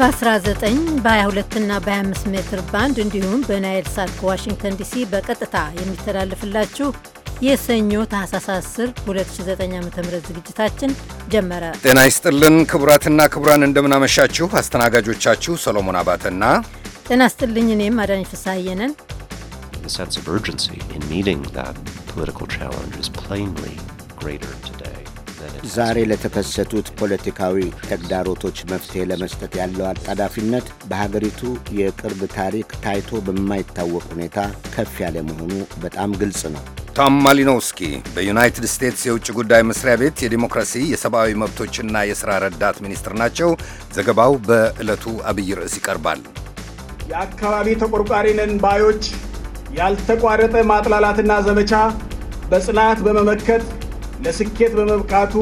በ19 22 እና በ25 ሜትር ባንድ እንዲሁም በናይል ሳት ከዋሽንግተን ዲሲ በቀጥታ የሚተላልፍላችሁ የሰኞ ታህሳስ 10 2009 ም ዝግጅታችን ጀመረ። ጤና ይስጥልን ክቡራትና ክቡራን፣ እንደምናመሻችሁ። አስተናጋጆቻችሁ ሰሎሞን አባተና ጤና ይስጥልኝ እኔም አዳኝ ፍስሐዬ ነን። The sense of urgency in meeting that political challenge is plainly greater ዛሬ ለተከሰቱት ፖለቲካዊ ተግዳሮቶች መፍትሄ ለመስጠት ያለው አጣዳፊነት በሀገሪቱ የቅርብ ታሪክ ታይቶ በማይታወቅ ሁኔታ ከፍ ያለ መሆኑ በጣም ግልጽ ነው። ቶም ማሊኖውስኪ በዩናይትድ ስቴትስ የውጭ ጉዳይ መስሪያ ቤት የዲሞክራሲ የሰብአዊ መብቶችና የሥራ ረዳት ሚኒስትር ናቸው። ዘገባው በዕለቱ አብይ ርዕስ ይቀርባል። የአካባቢ ተቆርቋሪ ነን ባዮች ያልተቋረጠ ማጥላላትና ዘመቻ በጽናት በመመከት ለስኬት በመብቃቱ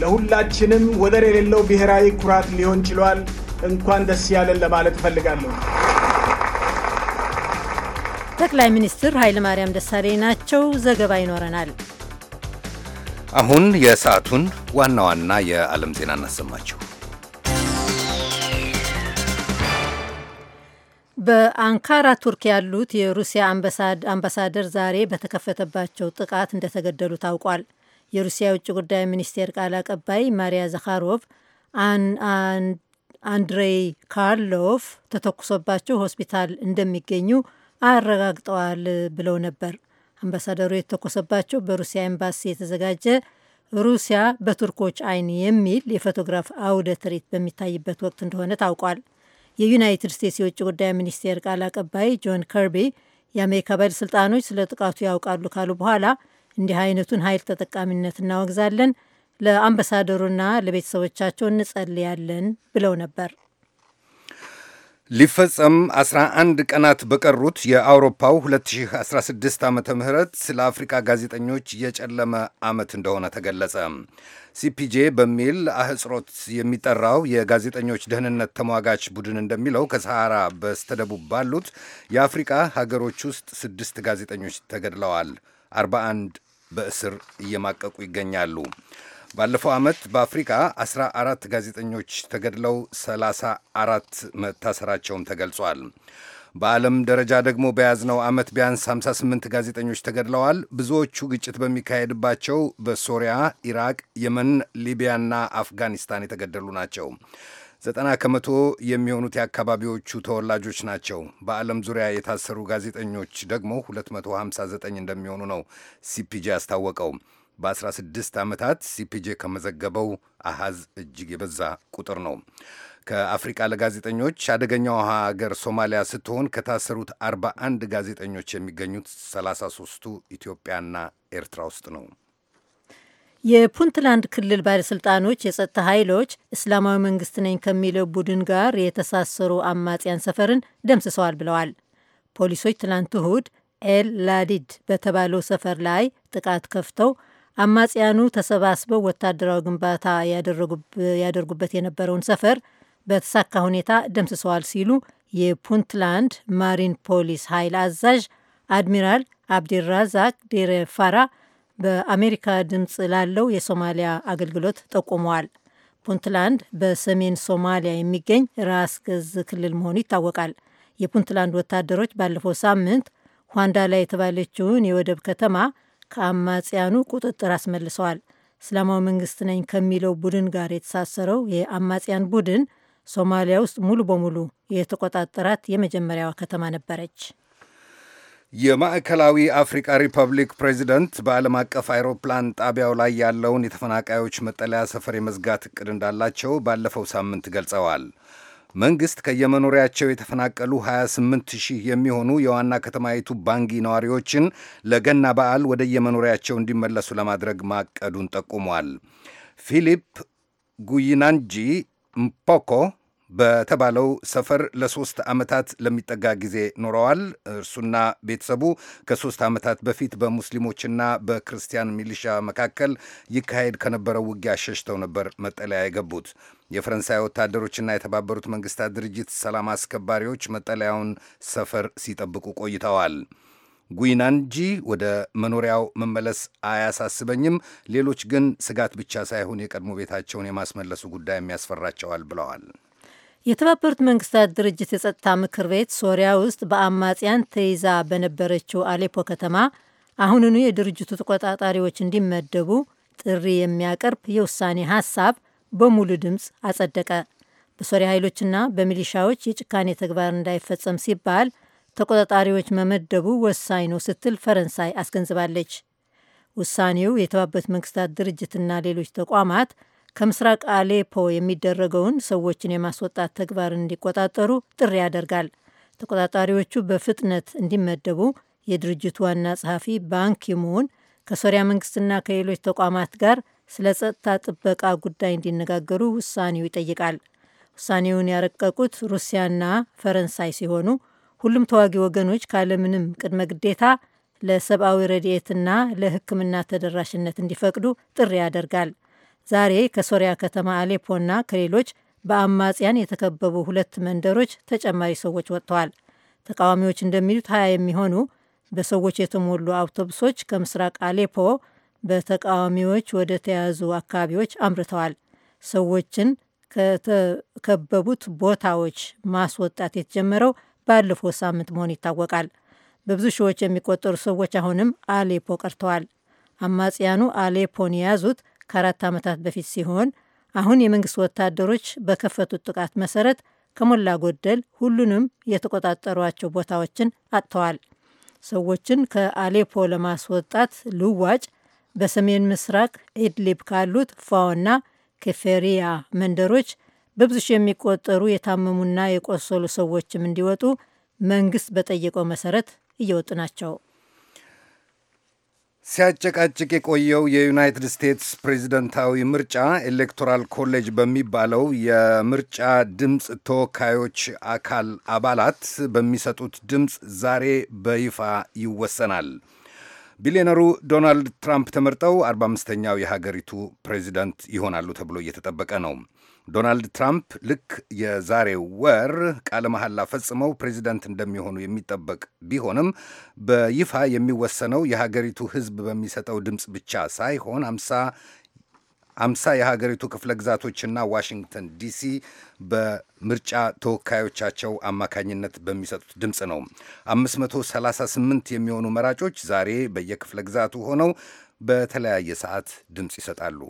ለሁላችንም ወደር የሌለው ብሔራዊ ኩራት ሊሆን ችሏል። እንኳን ደስ ያለን ለማለት እፈልጋለሁ። ጠቅላይ ሚኒስትር ኃይለማርያም ደሳለኝ ናቸው። ዘገባ ይኖረናል። አሁን የሰዓቱን ዋና ዋና የዓለም ዜና እናሰማችሁ። በአንካራ ቱርክ ያሉት የሩሲያ አምባሳደር ዛሬ በተከፈተባቸው ጥቃት እንደተገደሉ ታውቋል። የሩሲያ የውጭ ጉዳይ ሚኒስቴር ቃል አቀባይ ማሪያ ዘካሮቭ አንድሬይ ካርሎቭ ተተኩሶባቸው ሆስፒታል እንደሚገኙ አረጋግጠዋል ብለው ነበር። አምባሳደሩ የተተኮሰባቸው በሩሲያ ኤምባሲ የተዘጋጀ ሩሲያ በቱርኮች አይን የሚል የፎቶግራፍ አውደ ትርኢት በሚታይበት ወቅት እንደሆነ ታውቋል። የዩናይትድ ስቴትስ የውጭ ጉዳይ ሚኒስቴር ቃል አቀባይ ጆን ከርቢ የአሜሪካ ባለስልጣኖች ስለ ጥቃቱ ያውቃሉ ካሉ በኋላ እንዲህ አይነቱን ኃይል ተጠቃሚነት እናወግዛለን፣ ለአምባሳደሩና ለቤተሰቦቻቸው እንጸልያለን ብለው ነበር። ሊፈጸም 11 ቀናት በቀሩት የአውሮፓው 2016 ዓመተ ምህረት ስለ አፍሪካ ጋዜጠኞች የጨለመ ዓመት እንደሆነ ተገለጸ። ሲፒጄ በሚል አህጽሮት የሚጠራው የጋዜጠኞች ደህንነት ተሟጋች ቡድን እንደሚለው ከሰሃራ በስተደቡብ ባሉት የአፍሪቃ ሀገሮች ውስጥ ስድስት ጋዜጠኞች ተገድለዋል። 41 በእስር እየማቀቁ ይገኛሉ። ባለፈው ዓመት በአፍሪካ 14 ጋዜጠኞች ተገድለው 34 መታሰራቸውም ተገልጿል። በዓለም ደረጃ ደግሞ በያዝነው ዓመት ቢያንስ 58 ጋዜጠኞች ተገድለዋል። ብዙዎቹ ግጭት በሚካሄድባቸው በሶሪያ፣ ኢራቅ፣ የመን፣ ሊቢያና አፍጋኒስታን የተገደሉ ናቸው። ዘጠና ከመቶ የሚሆኑት የአካባቢዎቹ ተወላጆች ናቸው። በዓለም ዙሪያ የታሰሩ ጋዜጠኞች ደግሞ 259 እንደሚሆኑ ነው ሲፒጄ አስታወቀው። በ16 ዓመታት ሲፒጄ ከመዘገበው አሃዝ እጅግ የበዛ ቁጥር ነው። ከአፍሪቃ ለጋዜጠኞች አደገኛው ሀገር ሶማሊያ ስትሆን ከታሰሩት 41 ጋዜጠኞች የሚገኙት 33ቱ ኢትዮጵያና ኤርትራ ውስጥ ነው። የፑንትላንድ ክልል ባለሥልጣኖች የጸጥታ ኃይሎች እስላማዊ መንግስት ነኝ ከሚለው ቡድን ጋር የተሳሰሩ አማጽያን ሰፈርን ደምስሰዋል ብለዋል። ፖሊሶች ትላንት እሁድ ኤል ላዲድ በተባለው ሰፈር ላይ ጥቃት ከፍተው አማጽያኑ ተሰባስበው ወታደራዊ ግንባታ ያደርጉበት የነበረውን ሰፈር በተሳካ ሁኔታ ደምስሰዋል ሲሉ የፑንትላንድ ማሪን ፖሊስ ኃይል አዛዥ አድሚራል አብዲራዛቅ ዴሬ በአሜሪካ ድምፅ ላለው የሶማሊያ አገልግሎት ጠቁመዋል። ፑንትላንድ በሰሜን ሶማሊያ የሚገኝ ራስ ገዝ ክልል መሆኑ ይታወቃል። የፑንትላንድ ወታደሮች ባለፈው ሳምንት ኋንዳ ላይ የተባለችውን የወደብ ከተማ ከአማጽያኑ ቁጥጥር አስመልሰዋል። እስላማዊ መንግስት ነኝ ከሚለው ቡድን ጋር የተሳሰረው የአማጽያን ቡድን ሶማሊያ ውስጥ ሙሉ በሙሉ የተቆጣጠራት የመጀመሪያዋ ከተማ ነበረች። የማዕከላዊ አፍሪካ ሪፐብሊክ ፕሬዚደንት በዓለም አቀፍ አይሮፕላን ጣቢያው ላይ ያለውን የተፈናቃዮች መጠለያ ሰፈር የመዝጋት እቅድ እንዳላቸው ባለፈው ሳምንት ገልጸዋል። መንግሥት ከየመኖሪያቸው የተፈናቀሉ 28 ሺህ የሚሆኑ የዋና ከተማይቱ ባንጊ ነዋሪዎችን ለገና በዓል ወደ የመኖሪያቸው እንዲመለሱ ለማድረግ ማቀዱን ጠቁሟል። ፊሊፕ ጉይናንጂ ምፖኮ በተባለው ሰፈር ለሶስት ዓመታት ለሚጠጋ ጊዜ ኖረዋል። እርሱና ቤተሰቡ ከሶስት ዓመታት በፊት በሙስሊሞችና በክርስቲያን ሚሊሻ መካከል ይካሄድ ከነበረው ውጊያ ሸሽተው ነበር መጠለያ የገቡት። የፈረንሳይ ወታደሮችና የተባበሩት መንግስታት ድርጅት ሰላም አስከባሪዎች መጠለያውን ሰፈር ሲጠብቁ ቆይተዋል። ጉይናንጂ ወደ መኖሪያው መመለስ አያሳስበኝም፣ ሌሎች ግን ስጋት ብቻ ሳይሆን የቀድሞ ቤታቸውን የማስመለሱ ጉዳይ የሚያስፈራቸዋል ብለዋል። የተባበሩት መንግስታት ድርጅት የጸጥታ ምክር ቤት ሶሪያ ውስጥ በአማጽያን ተይዛ በነበረችው አሌፖ ከተማ አሁንኑ የድርጅቱ ተቆጣጣሪዎች እንዲመደቡ ጥሪ የሚያቀርብ የውሳኔ ሀሳብ በሙሉ ድምፅ አጸደቀ። በሶሪያ ኃይሎችና በሚሊሻዎች የጭካኔ ተግባር እንዳይፈጸም ሲባል ተቆጣጣሪዎች መመደቡ ወሳኝ ነው ስትል ፈረንሳይ አስገንዝባለች። ውሳኔው የተባበሩት መንግስታት ድርጅትና ሌሎች ተቋማት ከምስራቅ አሌፖ የሚደረገውን ሰዎችን የማስወጣት ተግባር እንዲቆጣጠሩ ጥሪ ያደርጋል። ተቆጣጣሪዎቹ በፍጥነት እንዲመደቡ የድርጅቱ ዋና ጸሐፊ ባን ኪሙን ከሶሪያ መንግስትና ከሌሎች ተቋማት ጋር ስለ ጸጥታ ጥበቃ ጉዳይ እንዲነጋገሩ ውሳኔው ይጠይቃል። ውሳኔውን ያረቀቁት ሩሲያና ፈረንሳይ ሲሆኑ ሁሉም ተዋጊ ወገኖች ካለምንም ቅድመ ግዴታ ለሰብአዊ ረድኤትና ለሕክምና ተደራሽነት እንዲፈቅዱ ጥሪ ያደርጋል። ዛሬ ከሶሪያ ከተማ አሌፖና ከሌሎች በአማጽያን የተከበቡ ሁለት መንደሮች ተጨማሪ ሰዎች ወጥተዋል። ተቃዋሚዎች እንደሚሉት ሀያ የሚሆኑ በሰዎች የተሞሉ አውቶቡሶች ከምስራቅ አሌፖ በተቃዋሚዎች ወደ ተያዙ አካባቢዎች አምርተዋል። ሰዎችን ከተከበቡት ቦታዎች ማስወጣት የተጀመረው ባለፈው ሳምንት መሆኑ ይታወቃል። በብዙ ሺዎች የሚቆጠሩ ሰዎች አሁንም አሌፖ ቀርተዋል። አማጽያኑ አሌፖን የያዙት ከአራት ዓመታት በፊት ሲሆን አሁን የመንግስት ወታደሮች በከፈቱት ጥቃት መሰረት ከሞላ ጎደል ሁሉንም የተቆጣጠሯቸው ቦታዎችን አጥተዋል። ሰዎችን ከአሌፖ ለማስወጣት ልዋጭ በሰሜን ምስራቅ ኢድሊብ ካሉት ፋውና ከፌሪያ መንደሮች በብዙ ሺህ የሚቆጠሩ የታመሙና የቆሰሉ ሰዎችም እንዲወጡ መንግስት በጠየቀው መሰረት እየወጡ ናቸው። ሲያጨቃጭቅ የቆየው የዩናይትድ ስቴትስ ፕሬዚደንታዊ ምርጫ ኤሌክቶራል ኮሌጅ በሚባለው የምርጫ ድምፅ ተወካዮች አካል አባላት በሚሰጡት ድምፅ ዛሬ በይፋ ይወሰናል። ቢሊዮነሩ ዶናልድ ትራምፕ ተመርጠው 45ኛው የሀገሪቱ ፕሬዚደንት ይሆናሉ ተብሎ እየተጠበቀ ነው። ዶናልድ ትራምፕ ልክ የዛሬው ወር ቃለ መሐላ ፈጽመው ፕሬዚደንት እንደሚሆኑ የሚጠበቅ ቢሆንም በይፋ የሚወሰነው የሀገሪቱ ሕዝብ በሚሰጠው ድምፅ ብቻ ሳይሆን አምሳ አምሳ የሀገሪቱ ክፍለ ግዛቶችና ዋሽንግተን ዲሲ በምርጫ ተወካዮቻቸው አማካኝነት በሚሰጡት ድምፅ ነው። 538 የሚሆኑ መራጮች ዛሬ በየክፍለ ግዛቱ ሆነው በተለያየ ሰዓት ድምፅ ይሰጣሉ።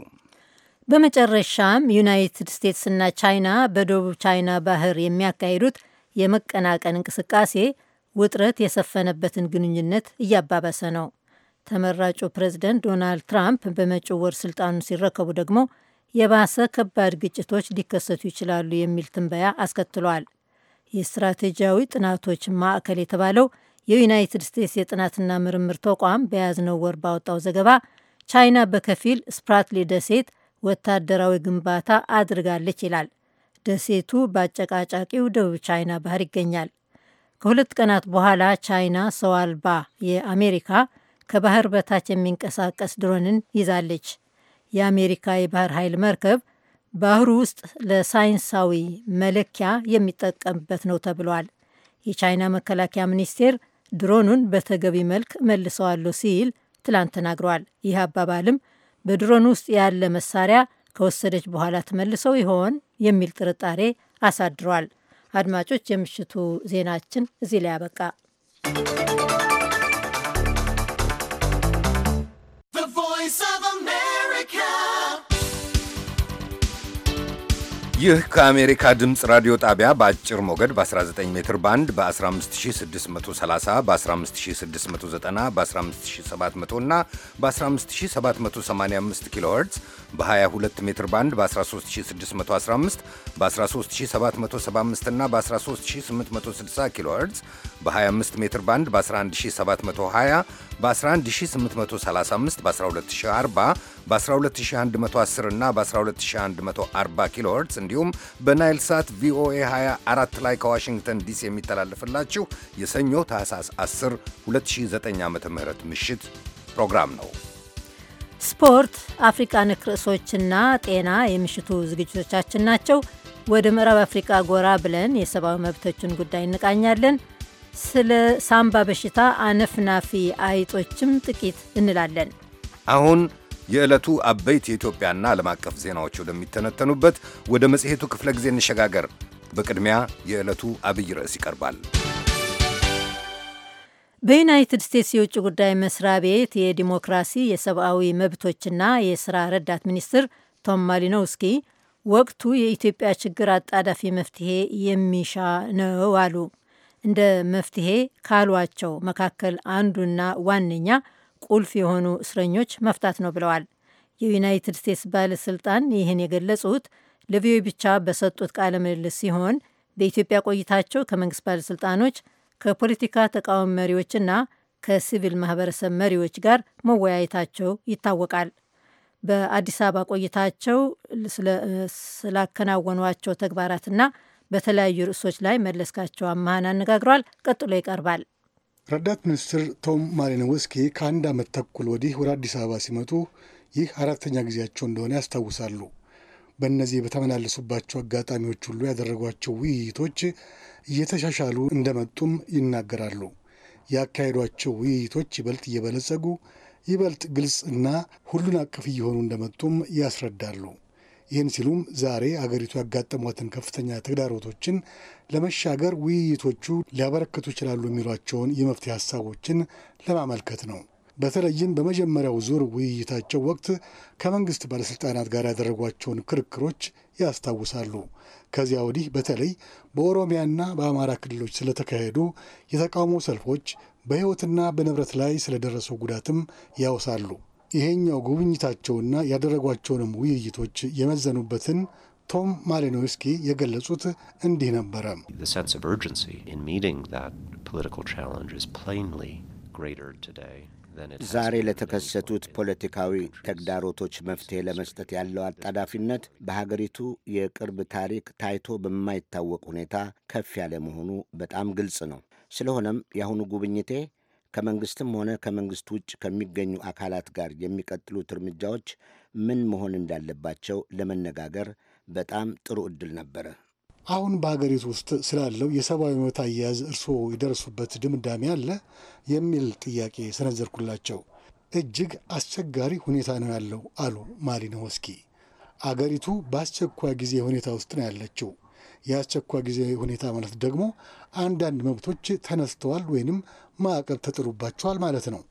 በመጨረሻም ዩናይትድ ስቴትስ እና ቻይና በደቡብ ቻይና ባህር የሚያካሂዱት የመቀናቀን እንቅስቃሴ ውጥረት የሰፈነበትን ግንኙነት እያባባሰ ነው። ተመራጩ ፕሬዝደንት ዶናልድ ትራምፕ በመጪው ወር ሲረከቡ ደግሞ የባሰ ከባድ ግጭቶች ሊከሰቱ ይችላሉ የሚል ትንበያ አስከትሏል። የስትራቴጂያዊ ጥናቶች ማዕከል የተባለው የዩናይትድ ስቴትስ የጥናትና ምርምር ተቋም በያዝነው ወር ባወጣው ዘገባ ቻይና በከፊል ስፕራትሊ ደሴት ወታደራዊ ግንባታ አድርጋለች ይላል። ደሴቱ በአጨቃጫቂው ደቡብ ቻይና ባህር ይገኛል። ከሁለት ቀናት በኋላ ቻይና ሰው አልባ የአሜሪካ ከባህር በታች የሚንቀሳቀስ ድሮንን ይዛለች። የአሜሪካ የባህር ኃይል መርከብ ባህሩ ውስጥ ለሳይንሳዊ መለኪያ የሚጠቀምበት ነው ተብሏል። የቻይና መከላከያ ሚኒስቴር ድሮኑን በተገቢ መልክ መልሰዋለሁ ሲል ትላንት ተናግሯል። ይህ አባባልም በድሮን ውስጥ ያለ መሳሪያ ከወሰደች በኋላ ተመልሰው ይሆን የሚል ጥርጣሬ አሳድሯል። አድማጮች፣ የምሽቱ ዜናችን እዚህ ላይ you. ይህ ከአሜሪካ ድምፅ ራዲዮ ጣቢያ በአጭር ሞገድ በ19 ሜትር ባንድ በ15630 በ15690 በ15700 እና በ15785 ኪሎ ኸርትዝ በ22 ሜትር ባንድ በ13615 በ13775 እና በ13860 ኪሎ በ25 ሜትር ባንድ በ11720 በ11835 በ12040 በ12110 እና በ12140 ኪሎ ሄርዝ እንዲሁም በናይል ሳት ቪኦኤ 24 ላይ ከዋሽንግተን ዲሲ የሚተላለፍላችሁ የሰኞ ታህሳስ 10 2009 ዓ ም ምሽት ፕሮግራም ነው። ስፖርት፣ አፍሪካ ነክ ርዕሶችና ጤና የምሽቱ ዝግጅቶቻችን ናቸው። ወደ ምዕራብ አፍሪቃ ጎራ ብለን የሰብአዊ መብቶችን ጉዳይ እንቃኛለን። ስለ ሳምባ በሽታ አነፍናፊ አይጦችም ጥቂት እንላለን። አሁን የዕለቱ አበይት የኢትዮጵያና ዓለም አቀፍ ዜናዎች ወደሚተነተኑበት ወደ መጽሔቱ ክፍለ ጊዜ እንሸጋገር። በቅድሚያ የዕለቱ አብይ ርዕስ ይቀርባል። በዩናይትድ ስቴትስ የውጭ ጉዳይ መስሪያ ቤት የዲሞክራሲ የሰብአዊ መብቶችና የሥራ ረዳት ሚኒስትር ቶም ማሊኖውስኪ ወቅቱ የኢትዮጵያ ችግር አጣዳፊ መፍትሄ የሚሻ ነው አሉ። እንደ መፍትሄ ካሏቸው መካከል አንዱና ዋነኛ ቁልፍ የሆኑ እስረኞች መፍታት ነው ብለዋል። የዩናይትድ ስቴትስ ባለስልጣን ይህን የገለጹት ለቪኦኤ ብቻ በሰጡት ቃለ ምልልስ ሲሆን በኢትዮጵያ ቆይታቸው ከመንግስት ባለስልጣኖች፣ ከፖለቲካ ተቃዋሚ መሪዎችና ከሲቪል ማህበረሰብ መሪዎች ጋር መወያየታቸው ይታወቃል። በአዲስ አበባ ቆይታቸው ስላከናወኗቸው ተግባራትና በተለያዩ ርዕሶች ላይ መለስካቸው አመሃን አነጋግሯል። ቀጥሎ ይቀርባል። ረዳት ሚኒስትር ቶም ማሊኖውስኪ ከአንድ ዓመት ተኩል ወዲህ ወደ አዲስ አበባ ሲመጡ ይህ አራተኛ ጊዜያቸው እንደሆነ ያስታውሳሉ። በእነዚህ በተመላለሱባቸው አጋጣሚዎች ሁሉ ያደረጓቸው ውይይቶች እየተሻሻሉ እንደመጡም ይናገራሉ። ያካሄዷቸው ውይይቶች ይበልጥ እየበለጸጉ ይበልጥ ግልጽና ሁሉን አቀፍ እየሆኑ እንደመጡም ያስረዳሉ። ይህን ሲሉም ዛሬ አገሪቱ ያጋጠሟትን ከፍተኛ ተግዳሮቶችን ለመሻገር ውይይቶቹ ሊያበረክቱ ይችላሉ የሚሏቸውን የመፍትሄ ሀሳቦችን ለማመልከት ነው። በተለይም በመጀመሪያው ዙር ውይይታቸው ወቅት ከመንግስት ባለሥልጣናት ጋር ያደረጓቸውን ክርክሮች ያስታውሳሉ። ከዚያ ወዲህ በተለይ በኦሮሚያና በአማራ ክልሎች ስለተካሄዱ የተቃውሞ ሰልፎች፣ በሕይወትና በንብረት ላይ ስለደረሰው ጉዳትም ያውሳሉ። ይሄኛው ጉብኝታቸውና ያደረጓቸውንም ውይይቶች የመዘኑበትን ቶም ማሊኖስኪ የገለጹት እንዲህ ነበረ። ዛሬ ለተከሰቱት ፖለቲካዊ ተግዳሮቶች መፍትሄ ለመስጠት ያለው አጣዳፊነት በሀገሪቱ የቅርብ ታሪክ ታይቶ በማይታወቅ ሁኔታ ከፍ ያለ መሆኑ በጣም ግልጽ ነው። ስለሆነም የአሁኑ ጉብኝቴ ከመንግሥትም ሆነ ከመንግሥት ውጭ ከሚገኙ አካላት ጋር የሚቀጥሉት እርምጃዎች ምን መሆን እንዳለባቸው ለመነጋገር በጣም ጥሩ ዕድል ነበረ። አሁን በሀገሪቱ ውስጥ ስላለው የሰብአዊ መብት አያያዝ እርስዎ የደረሱበት ድምዳሜ አለ የሚል ጥያቄ ሰነዘርኩላቸው። እጅግ አስቸጋሪ ሁኔታ ነው ያለው አሉ ማሊነሆስኪ አገሪቱ በአስቸኳይ ጊዜ ሁኔታ ውስጥ ነው ያለችው። የአስቸኳይ ጊዜ ሁኔታ ማለት ደግሞ አንዳንድ መብቶች ተነስተዋል ወይንም ማዕቀብ ተጥሎባቸዋል ማለት ነው።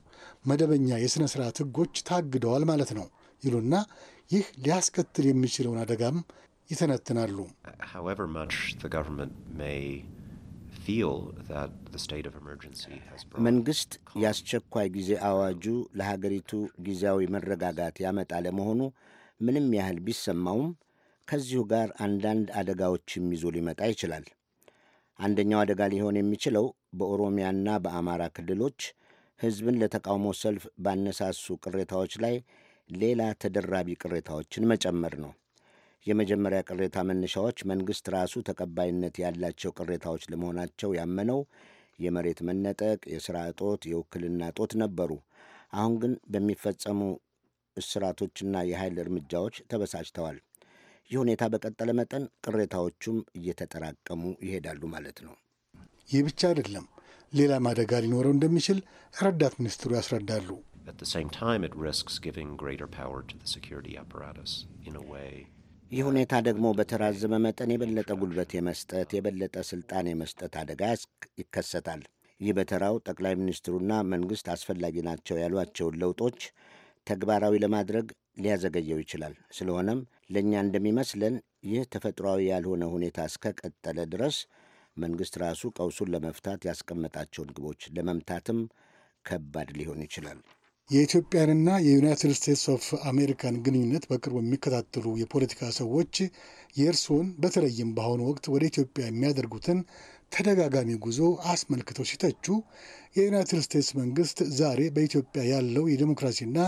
መደበኛ የሥነ ሥርዓት ሕጎች ታግደዋል ማለት ነው ይሉና ይህ ሊያስከትል የሚችለውን አደጋም ይተነትናሉ። መንግሥት የአስቸኳይ ጊዜ አዋጁ ለሀገሪቱ ጊዜያዊ መረጋጋት ያመጣ ለመሆኑ ምንም ያህል ቢሰማውም ከዚሁ ጋር አንዳንድ አደጋዎችም ይዞ ሊመጣ ይችላል። አንደኛው አደጋ ሊሆን የሚችለው በኦሮሚያና በአማራ ክልሎች ሕዝብን ለተቃውሞ ሰልፍ ባነሳሱ ቅሬታዎች ላይ ሌላ ተደራቢ ቅሬታዎችን መጨመር ነው። የመጀመሪያ ቅሬታ መነሻዎች መንግሥት ራሱ ተቀባይነት ያላቸው ቅሬታዎች ለመሆናቸው ያመነው የመሬት መነጠቅ፣ የሥራ እጦት፣ የውክልና እጦት ነበሩ። አሁን ግን በሚፈጸሙ እስራቶችና የኃይል እርምጃዎች ተበሳጭተዋል። ይህ ሁኔታ በቀጠለ መጠን ቅሬታዎቹም እየተጠራቀሙ ይሄዳሉ ማለት ነው። ይህ ብቻ አይደለም፣ ሌላም አደጋ ሊኖረው እንደሚችል ረዳት ሚኒስትሩ ያስረዳሉ። ይህ ሁኔታ ደግሞ በተራዘመ መጠን የበለጠ ጉልበት የመስጠት የበለጠ ስልጣን የመስጠት አደጋ ይከሰታል። ይህ በተራው ጠቅላይ ሚኒስትሩና መንግሥት አስፈላጊ ናቸው ያሏቸውን ለውጦች ተግባራዊ ለማድረግ ሊያዘገየው ይችላል። ስለሆነም ለእኛ እንደሚመስለን ይህ ተፈጥሯዊ ያልሆነ ሁኔታ እስከ ቀጠለ ድረስ መንግሥት ራሱ ቀውሱን ለመፍታት ያስቀመጣቸውን ግቦች ለመምታትም ከባድ ሊሆን ይችላል። የኢትዮጵያንና የዩናይትድ ስቴትስ ኦፍ አሜሪካን ግንኙነት በቅርቡ የሚከታተሉ የፖለቲካ ሰዎች የእርስዎን በተለይም በአሁኑ ወቅት ወደ ኢትዮጵያ የሚያደርጉትን ተደጋጋሚ ጉዞ አስመልክተው ሲተቹ የዩናይትድ ስቴትስ መንግስት ዛሬ በኢትዮጵያ ያለው የዴሞክራሲና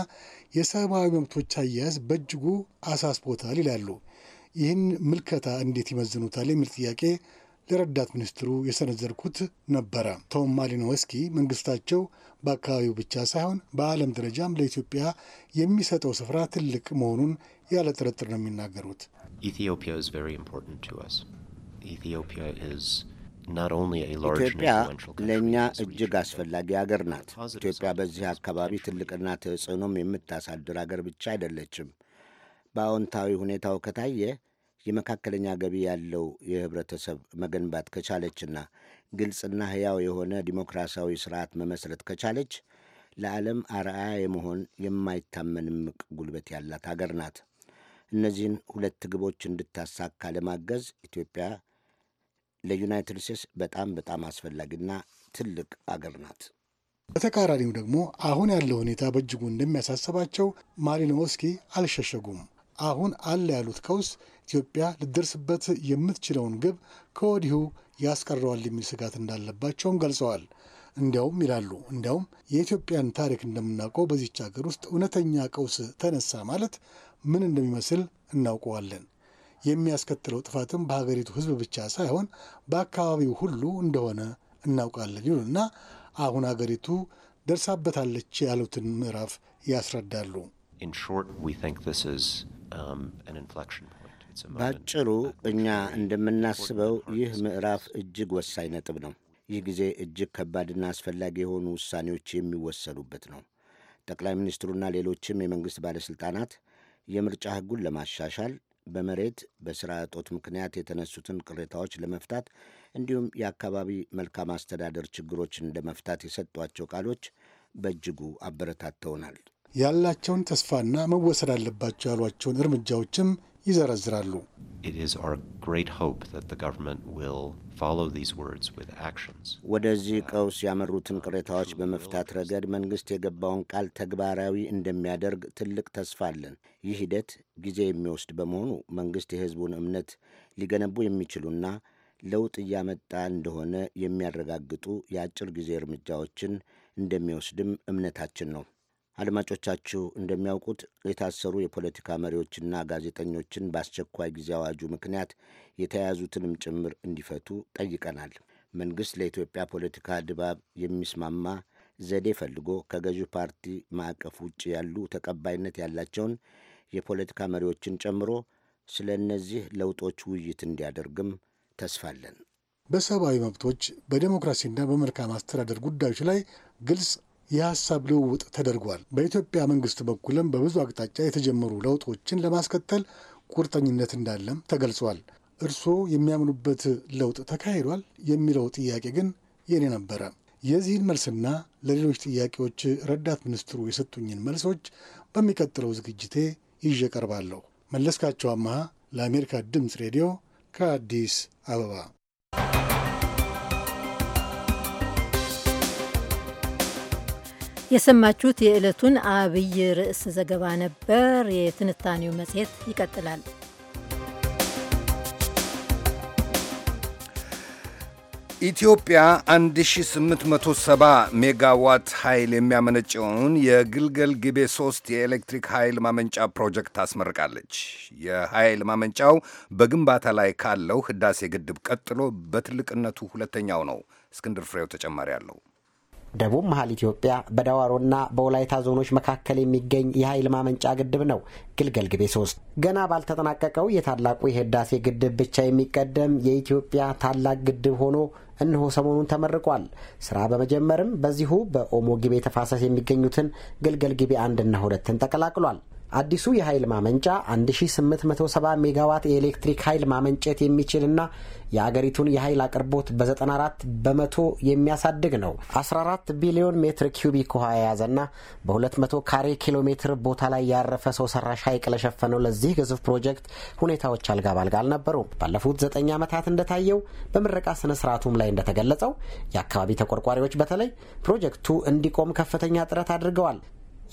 የሰብአዊ መብቶች አያያዝ በእጅጉ አሳስቦታል ይላሉ። ይህን ምልከታ እንዴት ይመዝኑታል የሚል ጥያቄ ለረዳት ሚኒስትሩ የሰነዘርኩት ነበረ። ቶም ማሊኖወስኪ መንግስታቸው በአካባቢው ብቻ ሳይሆን በዓለም ደረጃም ለኢትዮጵያ የሚሰጠው ስፍራ ትልቅ መሆኑን ያለ ጥርጥር ነው የሚናገሩት። ኢትዮጵያ ኢትዮጵያ ለእኛ እጅግ አስፈላጊ አገር ናት። ኢትዮጵያ በዚህ አካባቢ ትልቅና ተጽዕኖም የምታሳድር አገር ብቻ አይደለችም። በአዎንታዊ ሁኔታው ከታየ የመካከለኛ ገቢ ያለው የህብረተሰብ መገንባት ከቻለችና ግልጽና ሕያው የሆነ ዲሞክራሲያዊ ስርዓት መመስረት ከቻለች ለዓለም አርአያ የመሆን የማይታመን እምቅ ጉልበት ያላት አገር ናት። እነዚህን ሁለት ግቦች እንድታሳካ ለማገዝ ኢትዮጵያ ለዩናይትድ ስቴትስ በጣም በጣም አስፈላጊና ትልቅ አገር ናት። በተቃራኒው ደግሞ አሁን ያለው ሁኔታ በእጅጉ እንደሚያሳስባቸው ማሊኖስኪ አልሸሸጉም። አሁን አለ ያሉት ቀውስ ኢትዮጵያ ልደርስበት የምትችለውን ግብ ከወዲሁ ያስቀረዋል የሚል ስጋት እንዳለባቸውም ገልጸዋል። እንዲያውም ይላሉ፣ እንዲያውም የኢትዮጵያን ታሪክ እንደምናውቀው በዚች ሀገር ውስጥ እውነተኛ ቀውስ ተነሳ ማለት ምን እንደሚመስል እናውቀዋለን። የሚያስከትለው ጥፋትም በሀገሪቱ ህዝብ ብቻ ሳይሆን በአካባቢው ሁሉ እንደሆነ እናውቃለን ይሉና አሁን ሀገሪቱ ደርሳበታለች ያሉትን ምዕራፍ ያስረዳሉ። ባጭሩ um, እኛ እንደምናስበው ይህ ምዕራፍ እጅግ ወሳኝ ነጥብ ነው። ይህ ጊዜ እጅግ ከባድና አስፈላጊ የሆኑ ውሳኔዎች የሚወሰዱበት ነው። ጠቅላይ ሚኒስትሩና ሌሎችም የመንግሥት ባለሥልጣናት የምርጫ ሕጉን ለማሻሻል በመሬት በስራ እጦት ምክንያት የተነሱትን ቅሬታዎች ለመፍታት እንዲሁም የአካባቢ መልካም አስተዳደር ችግሮችን ለመፍታት የሰጧቸው ቃሎች በእጅጉ አበረታተውናል። ያላቸውን ተስፋና መወሰድ አለባቸው ያሏቸውን እርምጃዎችም ይዘረዝራሉ። ወደዚህ ቀውስ ያመሩትን uh, ቅሬታዎች በመፍታት ረገድ መንግስት የገባውን ቃል ተግባራዊ እንደሚያደርግ ትልቅ ተስፋ አለን። ይህ ሂደት ጊዜ የሚወስድ በመሆኑ መንግስት የህዝቡን እምነት ሊገነቡ የሚችሉና ለውጥ እያመጣ እንደሆነ የሚያረጋግጡ የአጭር ጊዜ እርምጃዎችን እንደሚወስድም እምነታችን ነው። አድማጮቻችሁ እንደሚያውቁት የታሰሩ የፖለቲካ መሪዎችና ጋዜጠኞችን በአስቸኳይ ጊዜ አዋጁ ምክንያት የተያያዙትንም ጭምር እንዲፈቱ ጠይቀናል። መንግሥት ለኢትዮጵያ ፖለቲካ ድባብ የሚስማማ ዘዴ ፈልጎ ከገዢው ፓርቲ ማዕቀፍ ውጭ ያሉ ተቀባይነት ያላቸውን የፖለቲካ መሪዎችን ጨምሮ ስለ እነዚህ ለውጦች ውይይት እንዲያደርግም ተስፋለን። በሰብአዊ መብቶች በዴሞክራሲና በመልካም አስተዳደር ጉዳዮች ላይ ግልጽ የሀሳብ ልውውጥ ተደርጓል። በኢትዮጵያ መንግስት በኩልም በብዙ አቅጣጫ የተጀመሩ ለውጦችን ለማስከተል ቁርጠኝነት እንዳለም ተገልጿል። እርስዎ የሚያምኑበት ለውጥ ተካሂዷል የሚለው ጥያቄ ግን የኔ ነበረ። የዚህን መልስና ለሌሎች ጥያቄዎች ረዳት ሚኒስትሩ የሰጡኝን መልሶች በሚቀጥለው ዝግጅቴ ይዤ ቀርባለሁ። መለስካቸው አመሃ ለአሜሪካ ድምፅ ሬዲዮ ከአዲስ አበባ የሰማችሁት የዕለቱን አብይ ርዕስ ዘገባ ነበር። የትንታኔው መጽሔት ይቀጥላል። ኢትዮጵያ 1870 ሜጋዋት ኃይል የሚያመነጨውን የግልገል ግቤ 3 የኤሌክትሪክ ኃይል ማመንጫ ፕሮጀክት ታስመርቃለች። የኃይል ማመንጫው በግንባታ ላይ ካለው ህዳሴ ግድብ ቀጥሎ በትልቅነቱ ሁለተኛው ነው። እስክንድር ፍሬው ተጨማሪ አለው። ደቡብ መሀል ኢትዮጵያ በዳዋሮና በወላይታ ዞኖች መካከል የሚገኝ የኃይል ማመንጫ ግድብ ነው። ግልገል ግቤ ሶስት ገና ባልተጠናቀቀው የታላቁ የህዳሴ ግድብ ብቻ የሚቀደም የኢትዮጵያ ታላቅ ግድብ ሆኖ እነሆ ሰሞኑን ተመርቋል። ስራ በመጀመርም በዚሁ በኦሞ ግቤ ተፋሰስ የሚገኙትን ግልገል ግቤ አንድና ሁለትን ተቀላቅሏል። አዲሱ የኃይል ማመንጫ 1870 ሜጋዋት የኤሌክትሪክ ኃይል ማመንጨት የሚችልና የአገሪቱን የኃይል አቅርቦት በ94 በመቶ የሚያሳድግ ነው። 14 ቢሊዮን ሜትር ኪዩቢክ ውሃ የያዘና በ200 ካሬ ኪሎ ሜትር ቦታ ላይ ያረፈ ሰው ሰራሽ ሐይቅ ለሸፈነው ለዚህ ግዙፍ ፕሮጀክት ሁኔታዎች አልጋ ባልጋ አልነበሩም። ባለፉት 9 ዓመታት እንደታየው በምረቃ ስነ ስርዓቱም ላይ እንደተገለጸው የአካባቢ ተቆርቋሪዎች በተለይ ፕሮጀክቱ እንዲቆም ከፍተኛ ጥረት አድርገዋል።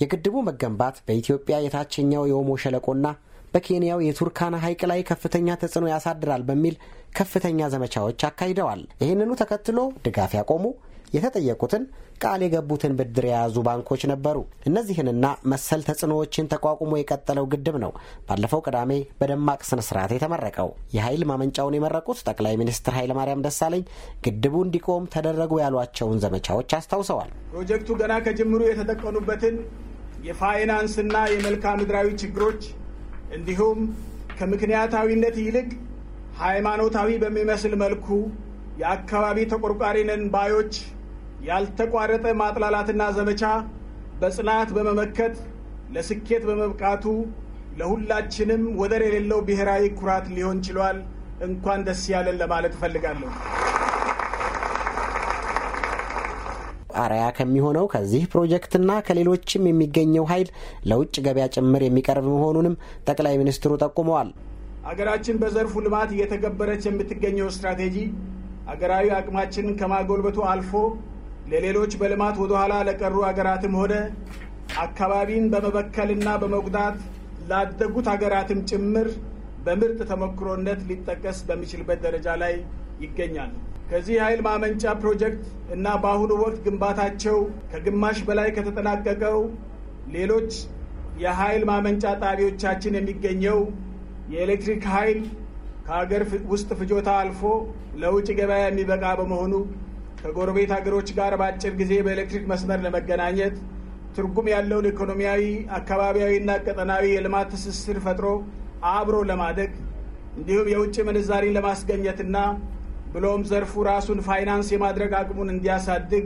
የግድቡ መገንባት በኢትዮጵያ የታችኛው የኦሞ ሸለቆና በኬንያው የቱርካና ሐይቅ ላይ ከፍተኛ ተጽዕኖ ያሳድራል በሚል ከፍተኛ ዘመቻዎች አካሂደዋል። ይህንኑ ተከትሎ ድጋፍ ያቆሙ የተጠየቁትን ቃል የገቡትን ብድር የያዙ ባንኮች ነበሩ። እነዚህንና መሰል ተጽዕኖዎችን ተቋቁሞ የቀጠለው ግድብ ነው ባለፈው ቅዳሜ በደማቅ ስነስርዓት የተመረቀው። የኃይል ማመንጫውን የመረቁት ጠቅላይ ሚኒስትር ኃይለማርያም ደሳለኝ ግድቡ እንዲቆም ተደረጉ ያሏቸውን ዘመቻዎች አስታውሰዋል። ፕሮጀክቱ ገና ከጅምሩ የተጠቀኑበትን የፋይናንስና የመልክዓ ምድራዊ ችግሮች እንዲሁም ከምክንያታዊነት ይልቅ ሃይማኖታዊ በሚመስል መልኩ የአካባቢ ተቆርቋሪ ነን ባዮች ያልተቋረጠ ማጥላላትና ዘመቻ በጽናት በመመከት ለስኬት በመብቃቱ ለሁላችንም ወደር የሌለው ብሔራዊ ኩራት ሊሆን ችሏል። እንኳን ደስ ያለን ለማለት እፈልጋለሁ። አርያ ከሚሆነው ከዚህ ፕሮጀክትና ከሌሎችም የሚገኘው ኃይል ለውጭ ገበያ ጭምር የሚቀርብ መሆኑንም ጠቅላይ ሚኒስትሩ ጠቁመዋል። አገራችን በዘርፉ ልማት እየተገበረች የምትገኘው ስትራቴጂ አገራዊ አቅማችንን ከማጎልበቱ አልፎ ለሌሎች በልማት ወደ ኋላ ለቀሩ አገራትም ሆነ አካባቢን በመበከልና በመጉዳት ላደጉት አገራትም ጭምር በምርጥ ተሞክሮነት ሊጠቀስ በሚችልበት ደረጃ ላይ ይገኛል። ከዚህ የኃይል ማመንጫ ፕሮጀክት እና በአሁኑ ወቅት ግንባታቸው ከግማሽ በላይ ከተጠናቀቀው ሌሎች የኃይል ማመንጫ ጣቢያዎቻችን የሚገኘው የኤሌክትሪክ ኃይል ከሀገር ውስጥ ፍጆታ አልፎ ለውጭ ገበያ የሚበቃ በመሆኑ ከጎረቤት ሀገሮች ጋር በአጭር ጊዜ በኤሌክትሪክ መስመር ለመገናኘት ትርጉም ያለውን ኢኮኖሚያዊ፣ አካባቢያዊና ቀጠናዊ የልማት ትስስር ፈጥሮ አብሮ ለማደግ እንዲሁም የውጭ ምንዛሪን ለማስገኘትና ብሎም ዘርፉ ራሱን ፋይናንስ የማድረግ አቅሙን እንዲያሳድግ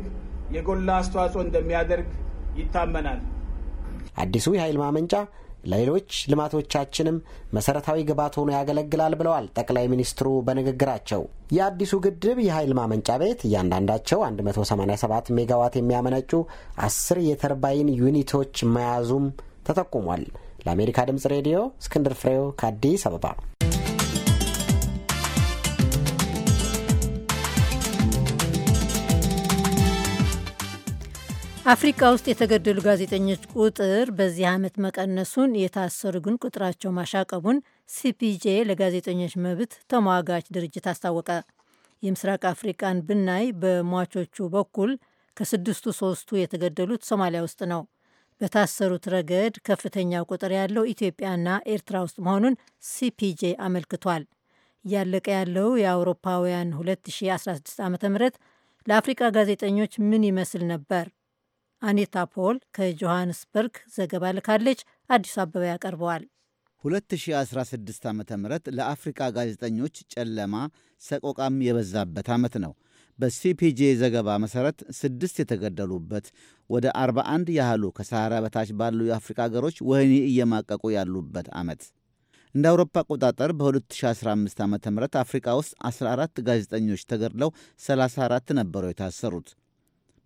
የጎላ አስተዋጽኦ እንደሚያደርግ ይታመናል። አዲሱ የኃይል ማመንጫ ለሌሎች ልማቶቻችንም መሰረታዊ ግብዓት ሆኖ ያገለግላል ብለዋል ጠቅላይ ሚኒስትሩ በንግግራቸው። የአዲሱ ግድብ የኃይል ማመንጫ ቤት እያንዳንዳቸው 187 ሜጋዋት የሚያመነጩ አስር የተርባይን ዩኒቶች መያዙም ተጠቁሟል። ለአሜሪካ ድምፅ ሬዲዮ እስክንድር ፍሬው ከአዲስ አበባ አፍሪካ ውስጥ የተገደሉ ጋዜጠኞች ቁጥር በዚህ ዓመት መቀነሱን፣ የታሰሩ ግን ቁጥራቸው ማሻቀቡን ሲፒጄ ለጋዜጠኞች መብት ተሟጋች ድርጅት አስታወቀ። የምስራቅ አፍሪቃን ብናይ በሟቾቹ በኩል ከስድስቱ ሶስቱ የተገደሉት ሶማሊያ ውስጥ ነው። በታሰሩት ረገድ ከፍተኛ ቁጥር ያለው ኢትዮጵያና ኤርትራ ውስጥ መሆኑን ሲፒጄ አመልክቷል። እያለቀ ያለው የአውሮፓውያን 2016 ዓ ም ለአፍሪቃ ጋዜጠኞች ምን ይመስል ነበር? አኔታ ፖል ከጆሃንስበርግ ዘገባ ልካለች። አዲስ አበባ ያቀርበዋል። 2016 ዓ ም ለአፍሪካ ጋዜጠኞች ጨለማ ሰቆቃም የበዛበት ዓመት ነው። በሲፒጄ ዘገባ መሠረት ስድስት የተገደሉበት ወደ 41 ያህሉ ከሰሃራ በታች ባሉ የአፍሪካ አገሮች ወህኒ እየማቀቁ ያሉበት ዓመት እንደ አውሮፓ አቆጣጠር በ2015 ዓ ም አፍሪካ ውስጥ 14 ጋዜጠኞች ተገድለው 34 ነበሩ የታሰሩት።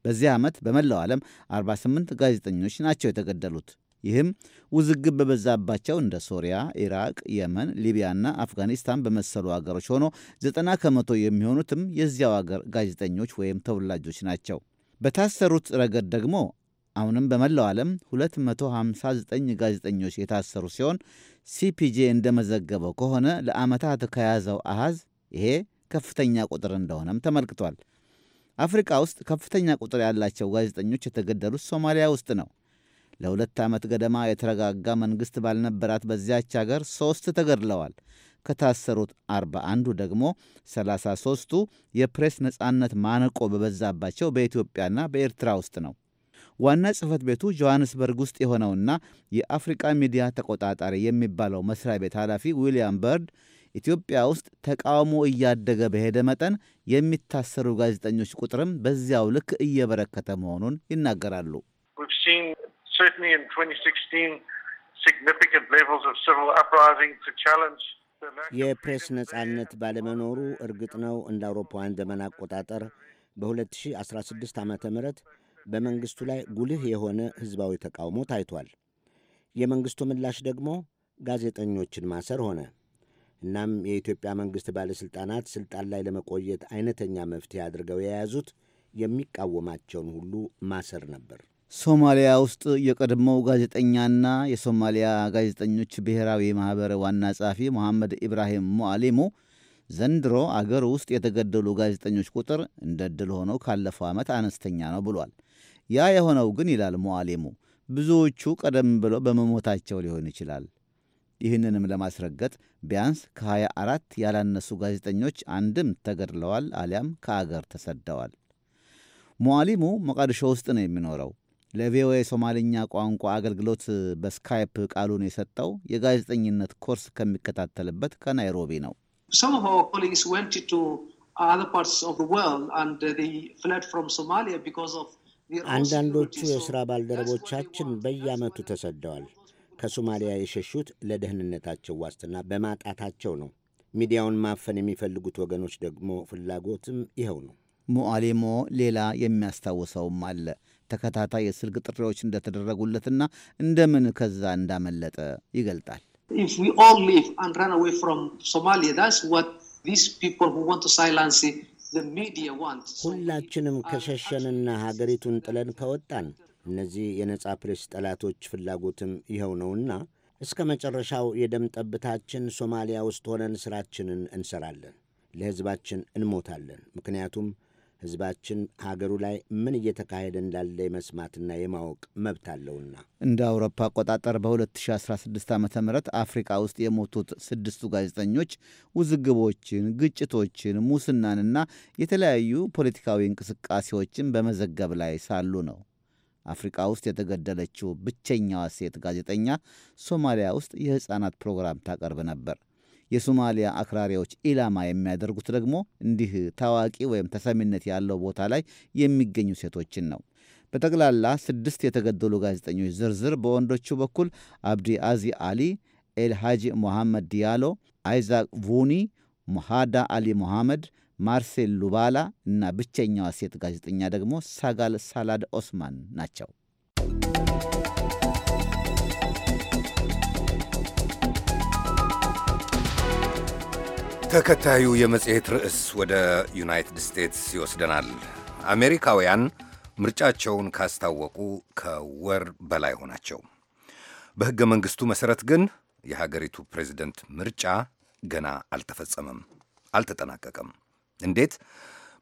በዚህ ዓመት በመላው ዓለም 48 ጋዜጠኞች ናቸው የተገደሉት። ይህም ውዝግብ በበዛባቸው እንደ ሶሪያ፣ ኢራቅ፣ የመን፣ ሊቢያና አፍጋኒስታን በመሰሉ አገሮች ሆኖ 90 ከመቶ የሚሆኑትም የዚያው አገር ጋዜጠኞች ወይም ተወላጆች ናቸው። በታሰሩት ረገድ ደግሞ አሁንም በመላው ዓለም 259 ጋዜጠኞች የታሰሩ ሲሆን ሲፒጄ እንደመዘገበው ከሆነ ለዓመታት ከያዘው አሃዝ ይሄ ከፍተኛ ቁጥር እንደሆነም ተመልክቷል። አፍሪካ ውስጥ ከፍተኛ ቁጥር ያላቸው ጋዜጠኞች የተገደሉት ሶማሊያ ውስጥ ነው። ለሁለት ዓመት ገደማ የተረጋጋ መንግሥት ባልነበራት በዚያች አገር ሦስት ተገድለዋል። ከታሰሩት 41 ደግሞ 33ቱ የፕሬስ ነጻነት ማነቆ በበዛባቸው በኢትዮጵያና በኤርትራ ውስጥ ነው። ዋና ጽሕፈት ቤቱ ጆሐንስበርግ ውስጥ የሆነውና የአፍሪቃ ሚዲያ ተቆጣጣሪ የሚባለው መስሪያ ቤት ኃላፊ ዊልያም በርድ ኢትዮጵያ ውስጥ ተቃውሞ እያደገ በሄደ መጠን የሚታሰሩ ጋዜጠኞች ቁጥርም በዚያው ልክ እየበረከተ መሆኑን ይናገራሉ። የፕሬስ ነጻነት ባለመኖሩ እርግጥ ነው እንደ አውሮፓውያን ዘመን አቆጣጠር በ2016 ዓ ም በመንግሥቱ ላይ ጉልህ የሆነ ሕዝባዊ ተቃውሞ ታይቷል። የመንግሥቱ ምላሽ ደግሞ ጋዜጠኞችን ማሰር ሆነ። እናም የኢትዮጵያ መንግሥት ባለሥልጣናት ሥልጣን ላይ ለመቆየት አይነተኛ መፍትሄ አድርገው የያዙት የሚቃወማቸውን ሁሉ ማሰር ነበር። ሶማሊያ ውስጥ የቀድሞው ጋዜጠኛና የሶማሊያ ጋዜጠኞች ብሔራዊ ማኅበር ዋና ጸሐፊ መሐመድ ኢብራሂም ሞአሊሙ ዘንድሮ አገር ውስጥ የተገደሉ ጋዜጠኞች ቁጥር እንደ ድል ሆነው ካለፈው ዓመት አነስተኛ ነው ብሏል። ያ የሆነው ግን ይላል ሞአሊሙ፣ ብዙዎቹ ቀደም ብለው በመሞታቸው ሊሆን ይችላል። ይህንንም ለማስረገጥ ቢያንስ ከ24 ያላነሱ ጋዜጠኞች አንድም ተገድለዋል አሊያም ከአገር ተሰደዋል። ሞዓሊሙ ሞቃዲሾ ውስጥ ነው የሚኖረው። ለቪኦኤ ሶማልኛ ቋንቋ አገልግሎት በስካይፕ ቃሉን የሰጠው የጋዜጠኝነት ኮርስ ከሚከታተልበት ከናይሮቢ ነው። አንዳንዶቹ የሥራ ባልደረቦቻችን በየዓመቱ ተሰደዋል። ከሶማሊያ የሸሹት ለደህንነታቸው ዋስትና በማጣታቸው ነው። ሚዲያውን ማፈን የሚፈልጉት ወገኖች ደግሞ ፍላጎትም ይኸው ነው። ሙአሊሞ ሌላ የሚያስታውሰውም አለ። ተከታታይ የስልክ ጥሪዎች እንደተደረጉለትና እንደምን ከዛ እንዳመለጠ ይገልጣል። ሁላችንም ከሸሸንና ሀገሪቱን ጥለን ከወጣን እነዚህ የነጻ ፕሬስ ጠላቶች ፍላጎትም ይኸው ነውና እስከ መጨረሻው የደም ጠብታችን ሶማሊያ ውስጥ ሆነን ሥራችንን እንሠራለን፣ ለሕዝባችን እንሞታለን። ምክንያቱም ሕዝባችን ሀገሩ ላይ ምን እየተካሄደ እንዳለ የመስማትና የማወቅ መብት አለውና። እንደ አውሮፓ አቆጣጠር በ2016 ዓ ም አፍሪካ ውስጥ የሞቱት ስድስቱ ጋዜጠኞች ውዝግቦችን፣ ግጭቶችን፣ ሙስናንና የተለያዩ ፖለቲካዊ እንቅስቃሴዎችን በመዘገብ ላይ ሳሉ ነው። አፍሪቃ ውስጥ የተገደለችው ብቸኛዋ ሴት ጋዜጠኛ ሶማሊያ ውስጥ የሕፃናት ፕሮግራም ታቀርብ ነበር። የሶማሊያ አክራሪዎች ኢላማ የሚያደርጉት ደግሞ እንዲህ ታዋቂ ወይም ተሰሚነት ያለው ቦታ ላይ የሚገኙ ሴቶችን ነው። በጠቅላላ ስድስት የተገደሉ ጋዜጠኞች ዝርዝር በወንዶቹ በኩል አብዲ አዚ አሊ፣ ኤልሃጂ ሞሐመድ ዲያሎ፣ አይዛቅ ቡኒ፣ ሙሃዳ አሊ ሞሐመድ ማርሴል ሉባላ እና ብቸኛዋ ሴት ጋዜጠኛ ደግሞ ሳጋል ሳላድ ኦስማን ናቸው። ተከታዩ የመጽሔት ርዕስ ወደ ዩናይትድ ስቴትስ ይወስደናል። አሜሪካውያን ምርጫቸውን ካስታወቁ ከወር በላይ ሆናቸው። በሕገ መንግሥቱ መሠረት ግን የሀገሪቱ ፕሬዚደንት ምርጫ ገና አልተፈጸመም፣ አልተጠናቀቀም። እንዴት?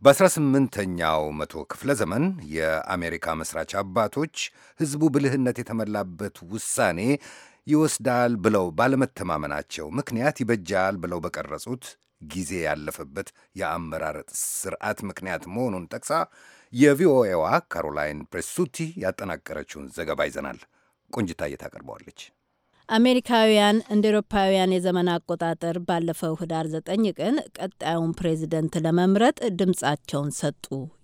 በ18ኛው መቶ ክፍለ ዘመን የአሜሪካ መስራች አባቶች ሕዝቡ ብልህነት የተሞላበት ውሳኔ ይወስዳል ብለው ባለመተማመናቸው ምክንያት ይበጃል ብለው በቀረጹት ጊዜ ያለፈበት የአመራረጥ ስርዓት ምክንያት መሆኑን ጠቅሳ የቪኦኤዋ ካሮላይን ፕሬሱቲ ያጠናቀረችውን ዘገባ ይዘናል። ቆንጅታ እየታቀርበዋለች። አሜሪካውያን እንደ ኤሮፓውያን የዘመን አቆጣጠር ባለፈው ህዳር ዘጠኝ ቀን ቀጣዩን ፕሬዚደንት ለመምረጥ ድምጻቸውን ሰጡ።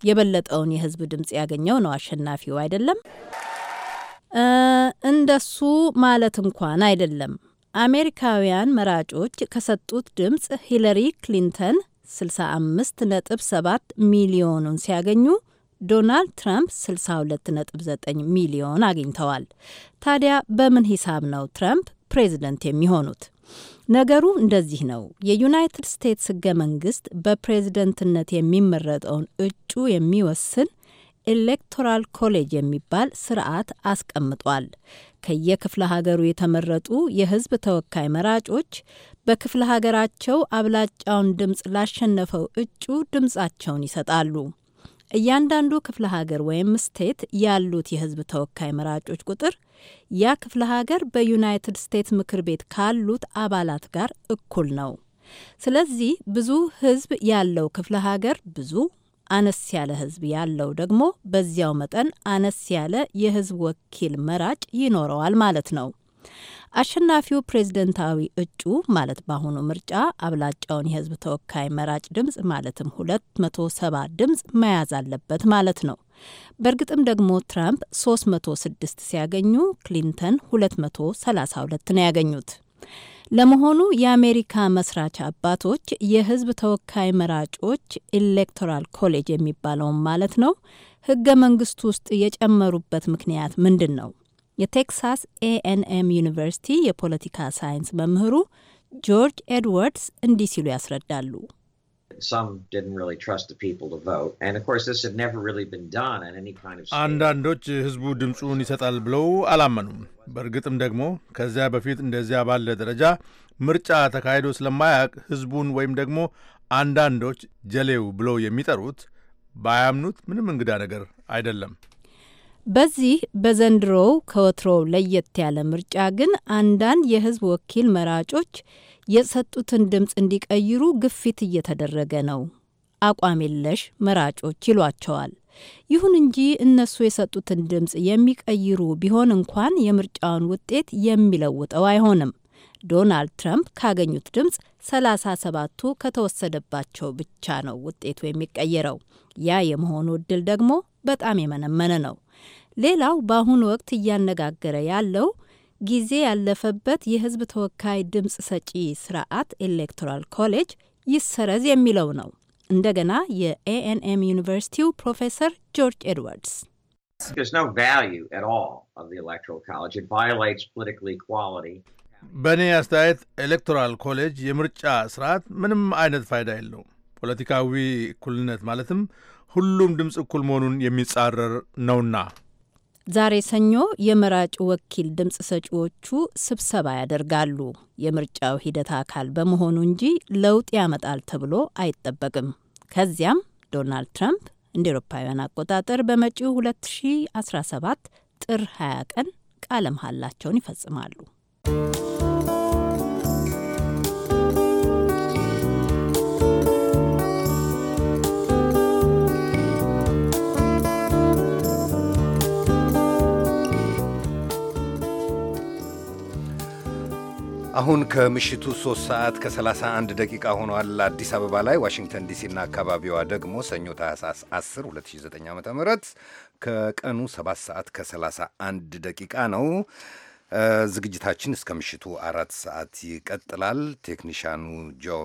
የበለጠውን የህዝብ ድምጽ ያገኘው ነው አሸናፊው አይደለም። እንደሱ ማለት እንኳን አይደለም። አሜሪካውያን መራጮች ከሰጡት ድምፅ ሂለሪ ክሊንተን 65.7 ሚሊዮኑን ሲያገኙ ዶናልድ ትራምፕ 629 ሚሊዮን አግኝተዋል። ታዲያ በምን ሂሳብ ነው ትራምፕ ፕሬዝደንት የሚሆኑት? ነገሩ እንደዚህ ነው። የዩናይትድ ስቴትስ ህገ መንግስት በፕሬዝደንትነት የሚመረጠውን እጩ የሚወስን ኤሌክቶራል ኮሌጅ የሚባል ስርዓት አስቀምጧል። ከየክፍለ ሀገሩ የተመረጡ የህዝብ ተወካይ መራጮች በክፍለ ሀገራቸው አብላጫውን ድምፅ ላሸነፈው እጩ ድምፃቸውን ይሰጣሉ። እያንዳንዱ ክፍለ ሀገር ወይም ስቴት ያሉት የህዝብ ተወካይ መራጮች ቁጥር ያ ክፍለ ሀገር በዩናይትድ ስቴትስ ምክር ቤት ካሉት አባላት ጋር እኩል ነው። ስለዚህ ብዙ ህዝብ ያለው ክፍለ ሀገር ብዙ፣ አነስ ያለ ህዝብ ያለው ደግሞ በዚያው መጠን አነስ ያለ የህዝብ ወኪል መራጭ ይኖረዋል ማለት ነው። አሸናፊው ፕሬዝደንታዊ እጩ ማለት በአሁኑ ምርጫ አብላጫውን የህዝብ ተወካይ መራጭ ድምፅ ማለትም 270 ድምፅ መያዝ አለበት ማለት ነው። በእርግጥም ደግሞ ትራምፕ 306 ሲያገኙ ክሊንተን 232 ነው ያገኙት። ለመሆኑ የአሜሪካ መስራች አባቶች የህዝብ ተወካይ መራጮች ኤሌክቶራል ኮሌጅ የሚባለውን ማለት ነው ህገ መንግስት ውስጥ የጨመሩበት ምክንያት ምንድን ነው? የቴክሳስ ኤኤንኤም ዩኒቨርሲቲ የፖለቲካ ሳይንስ መምህሩ ጆርጅ ኤድዋርድስ እንዲህ ሲሉ ያስረዳሉ። አንዳንዶች ሕዝቡ ድምፁን ይሰጣል ብለው አላመኑም። በእርግጥም ደግሞ ከዚያ በፊት እንደዚያ ባለ ደረጃ ምርጫ ተካሂዶ ስለማያውቅ ሕዝቡን ወይም ደግሞ አንዳንዶች ጀሌው ብለው የሚጠሩት ባያምኑት ምንም እንግዳ ነገር አይደለም። በዚህ በዘንድሮው ከወትሮው ለየት ያለ ምርጫ ግን አንዳንድ የህዝብ ወኪል መራጮች የሰጡትን ድምፅ እንዲቀይሩ ግፊት እየተደረገ ነው። አቋም የለሽ መራጮች ይሏቸዋል። ይሁን እንጂ እነሱ የሰጡትን ድምፅ የሚቀይሩ ቢሆን እንኳን የምርጫውን ውጤት የሚለውጠው አይሆንም። ዶናልድ ትራምፕ ካገኙት ድምፅ 37ቱ ከተወሰደባቸው ብቻ ነው ውጤቱ የሚቀየረው። ያ የመሆኑ እድል ደግሞ በጣም የመነመነ ነው። ሌላው በአሁኑ ወቅት እያነጋገረ ያለው ጊዜ ያለፈበት የህዝብ ተወካይ ድምፅ ሰጪ ስርዓት ኤሌክቶራል ኮሌጅ ይሰረዝ የሚለው ነው። እንደገና የኤኤንኤም ዩኒቨርሲቲው ፕሮፌሰር ጆርጅ ኤድዋርድስ በእኔ አስተያየት ኤሌክቶራል ኮሌጅ የምርጫ ስርዓት ምንም አይነት ፋይዳ የለው ፖለቲካዊ እኩልነት ማለትም ሁሉም ድምፅ እኩል መሆኑን የሚጻረር ነውና ዛሬ ሰኞ የመራጭ ወኪል ድምፅ ሰጪዎቹ ስብሰባ ያደርጋሉ። የምርጫው ሂደት አካል በመሆኑ እንጂ ለውጥ ያመጣል ተብሎ አይጠበቅም። ከዚያም ዶናልድ ትራምፕ እንደ ኤሮፓውያን አቆጣጠር በመጪው 2017 ጥር 20 ቀን ቃለ መሐላቸውን ይፈጽማሉ። አሁን ከምሽቱ 3 ሰዓት ከ31 ደቂቃ ሆኗል አዲስ አበባ ላይ። ዋሽንግተን ዲሲና አካባቢዋ ደግሞ ሰኞ ታህሳስ 10 2009 ዓ ም ከቀኑ 7 ሰዓት ከ31 ደቂቃ ነው። ዝግጅታችን እስከ ምሽቱ አራት ሰዓት ይቀጥላል። ቴክኒሽያኑ ጆ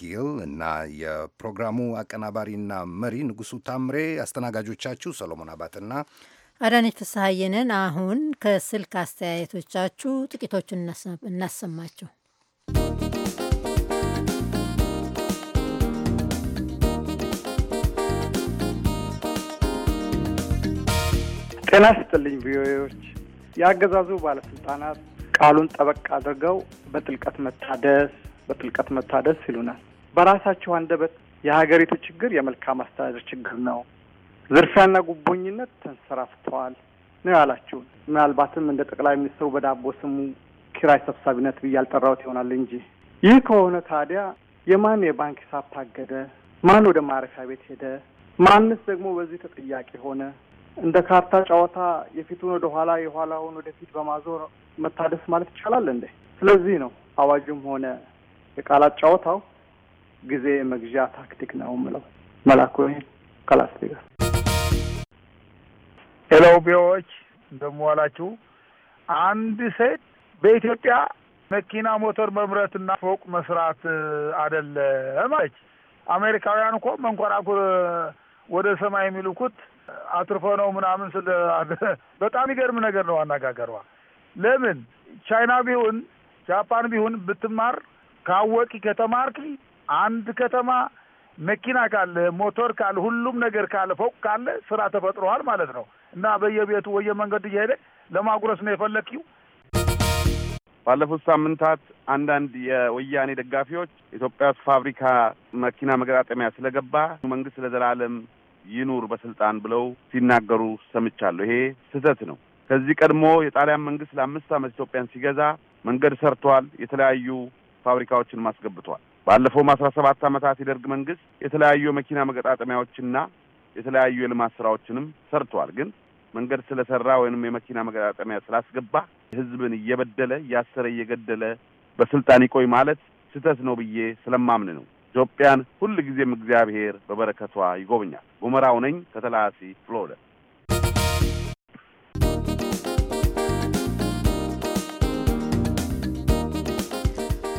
ጊል እና የፕሮግራሙ አቀናባሪና መሪ ንጉሱ ታምሬ፣ አስተናጋጆቻችሁ ሰሎሞን አባትና አዳነች ተሳሀየንን አሁን ከስልክ አስተያየቶቻችሁ ጥቂቶቹን እናሰማችሁ። ጤና ስጥልኝ ቪኦኤዎች። የአገዛዙ ባለስልጣናት ቃሉን ጠበቅ አድርገው በጥልቀት መታደስ በጥልቀት መታደስ ይሉናል። በራሳቸው አንደበት የሀገሪቱ ችግር የመልካም አስተዳደር ችግር ነው ዝርፊያና ጉቦኝነት ተንሰራፍተዋል ነው ያላችሁ። ምናልባትም እንደ ጠቅላይ ሚኒስትሩ በዳቦ ስሙ ኪራይ ሰብሳቢነት ብዬ ያልጠራሁት ይሆናል እንጂ ይህ ከሆነ ታዲያ የማን የባንክ ሂሳብ ታገደ? ማን ወደ ማረፊያ ቤት ሄደ? ማንስ ደግሞ በዚህ ተጠያቂ ሆነ? እንደ ካርታ ጨዋታ የፊቱን ወደ ኋላ የኋላውን ወደፊት በማዞር መታደስ ማለት ይቻላል እንዴ? ስለዚህ ነው አዋጁም ሆነ የቃላት ጨዋታው ጊዜ መግዣ ታክቲክ ነው ምለው። መላኩ ከላስ ቬጋስ ኤሎቤዎች እንደመዋላችሁ አንድ ሴት በኢትዮጵያ መኪና ሞተር መምረትና ፎቅ መስራት አይደለም አለች። አሜሪካውያን እኮ መንኮራኩር ወደ ሰማይ የሚልኩት አትርፎ ነው ምናምን ስለ በጣም ይገርም ነገር ነው አነጋገሯ። ለምን ቻይና ቢሆን ጃፓን ቢሆን ብትማር ካወቂ ከተማርክ አንድ ከተማ መኪና ካለ ሞተር ካለ ሁሉም ነገር ካለ ፎቅ ካለ ስራ ተፈጥሯል ማለት ነው። እና በየቤቱ ወየመንገዱ እየሄደ ለማጉረስ ነው የፈለግኪው። ባለፉት ሳምንታት አንዳንድ የወያኔ ደጋፊዎች ኢትዮጵያ ውስጥ ፋብሪካ መኪና መገጣጠሚያ ስለገባ መንግስት ለዘላለም ይኑር በስልጣን ብለው ሲናገሩ ሰምቻለሁ። ይሄ ስህተት ነው። ከዚህ ቀድሞ የጣሊያን መንግስት ለአምስት ዓመት ኢትዮጵያን ሲገዛ መንገድ ሰርቷል፣ የተለያዩ ፋብሪካዎችን ማስገብቷል። ባለፈውም አስራ ሰባት ዓመታት የደርግ መንግስት የተለያዩ የመኪና መገጣጠሚያዎችና የተለያዩ የልማት ስራዎችንም ሰርቷል። ግን መንገድ ስለሰራ ወይንም የመኪና መገጣጠሚያ ስላስገባ ህዝብን እየበደለ እያሰረ እየገደለ በስልጣን ይቆይ ማለት ስህተት ነው ብዬ ስለማምን ነው። ኢትዮጵያን ሁል ጊዜም እግዚአብሔር በበረከቷ ይጎብኛል። ጉመራው ነኝ ከተላሲ ፍሎደ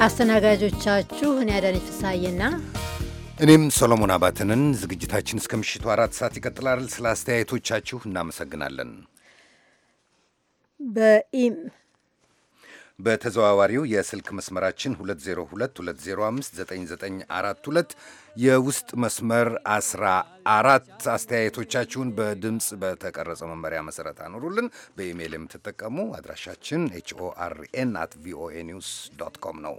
አስተናጋጆቻችሁ እኔ አዳነች ፍሳዬና እኔም ሰሎሞን አባትንን ዝግጅታችን እስከ ምሽቱ አራት ሰዓት ይቀጥላል። ስለ አስተያየቶቻችሁ እናመሰግናለን። በኢም በተዘዋዋሪው የስልክ መስመራችን 2022059942 የውስጥ መስመር 14 አስተያየቶቻችሁን በድምፅ በተቀረጸ መመሪያ መሰረት አኑሩልን። በኢሜይል የምትጠቀሙ አድራሻችን ኤችኦአርኤን አት ቪኦኤ ኒውስ ዶት ኮም ነው።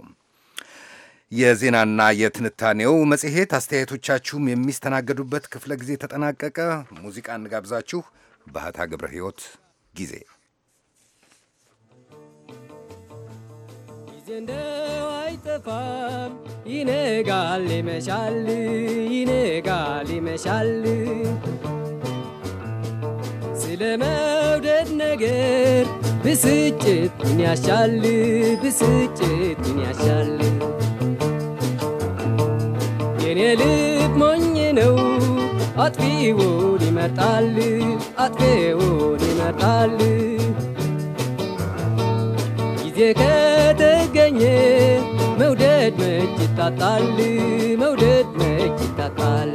የዜናና የትንታኔው መጽሔት አስተያየቶቻችሁም የሚስተናገዱበት ክፍለ ጊዜ ተጠናቀቀ። ሙዚቃ እንጋብዛችሁ። ባህታ ገብረ ሕይወት ጊዜ ጊዜ እንደው አይጠፋም፣ ይነጋል ይመሻል፣ ይነጋል ይመሻል። ስለ መውደድ ነገር ብስጭቱን ያሻል፣ ብስጭቱን ያሻል የኔ ልብ ሞኝ ነው። አጥፊውን ይመርጣል፣ አጥፊውን ይመርጣል። ጊዜ ከተገኘ መውደድ መች ይታጣል፣ መውደድ መች ይታጣል።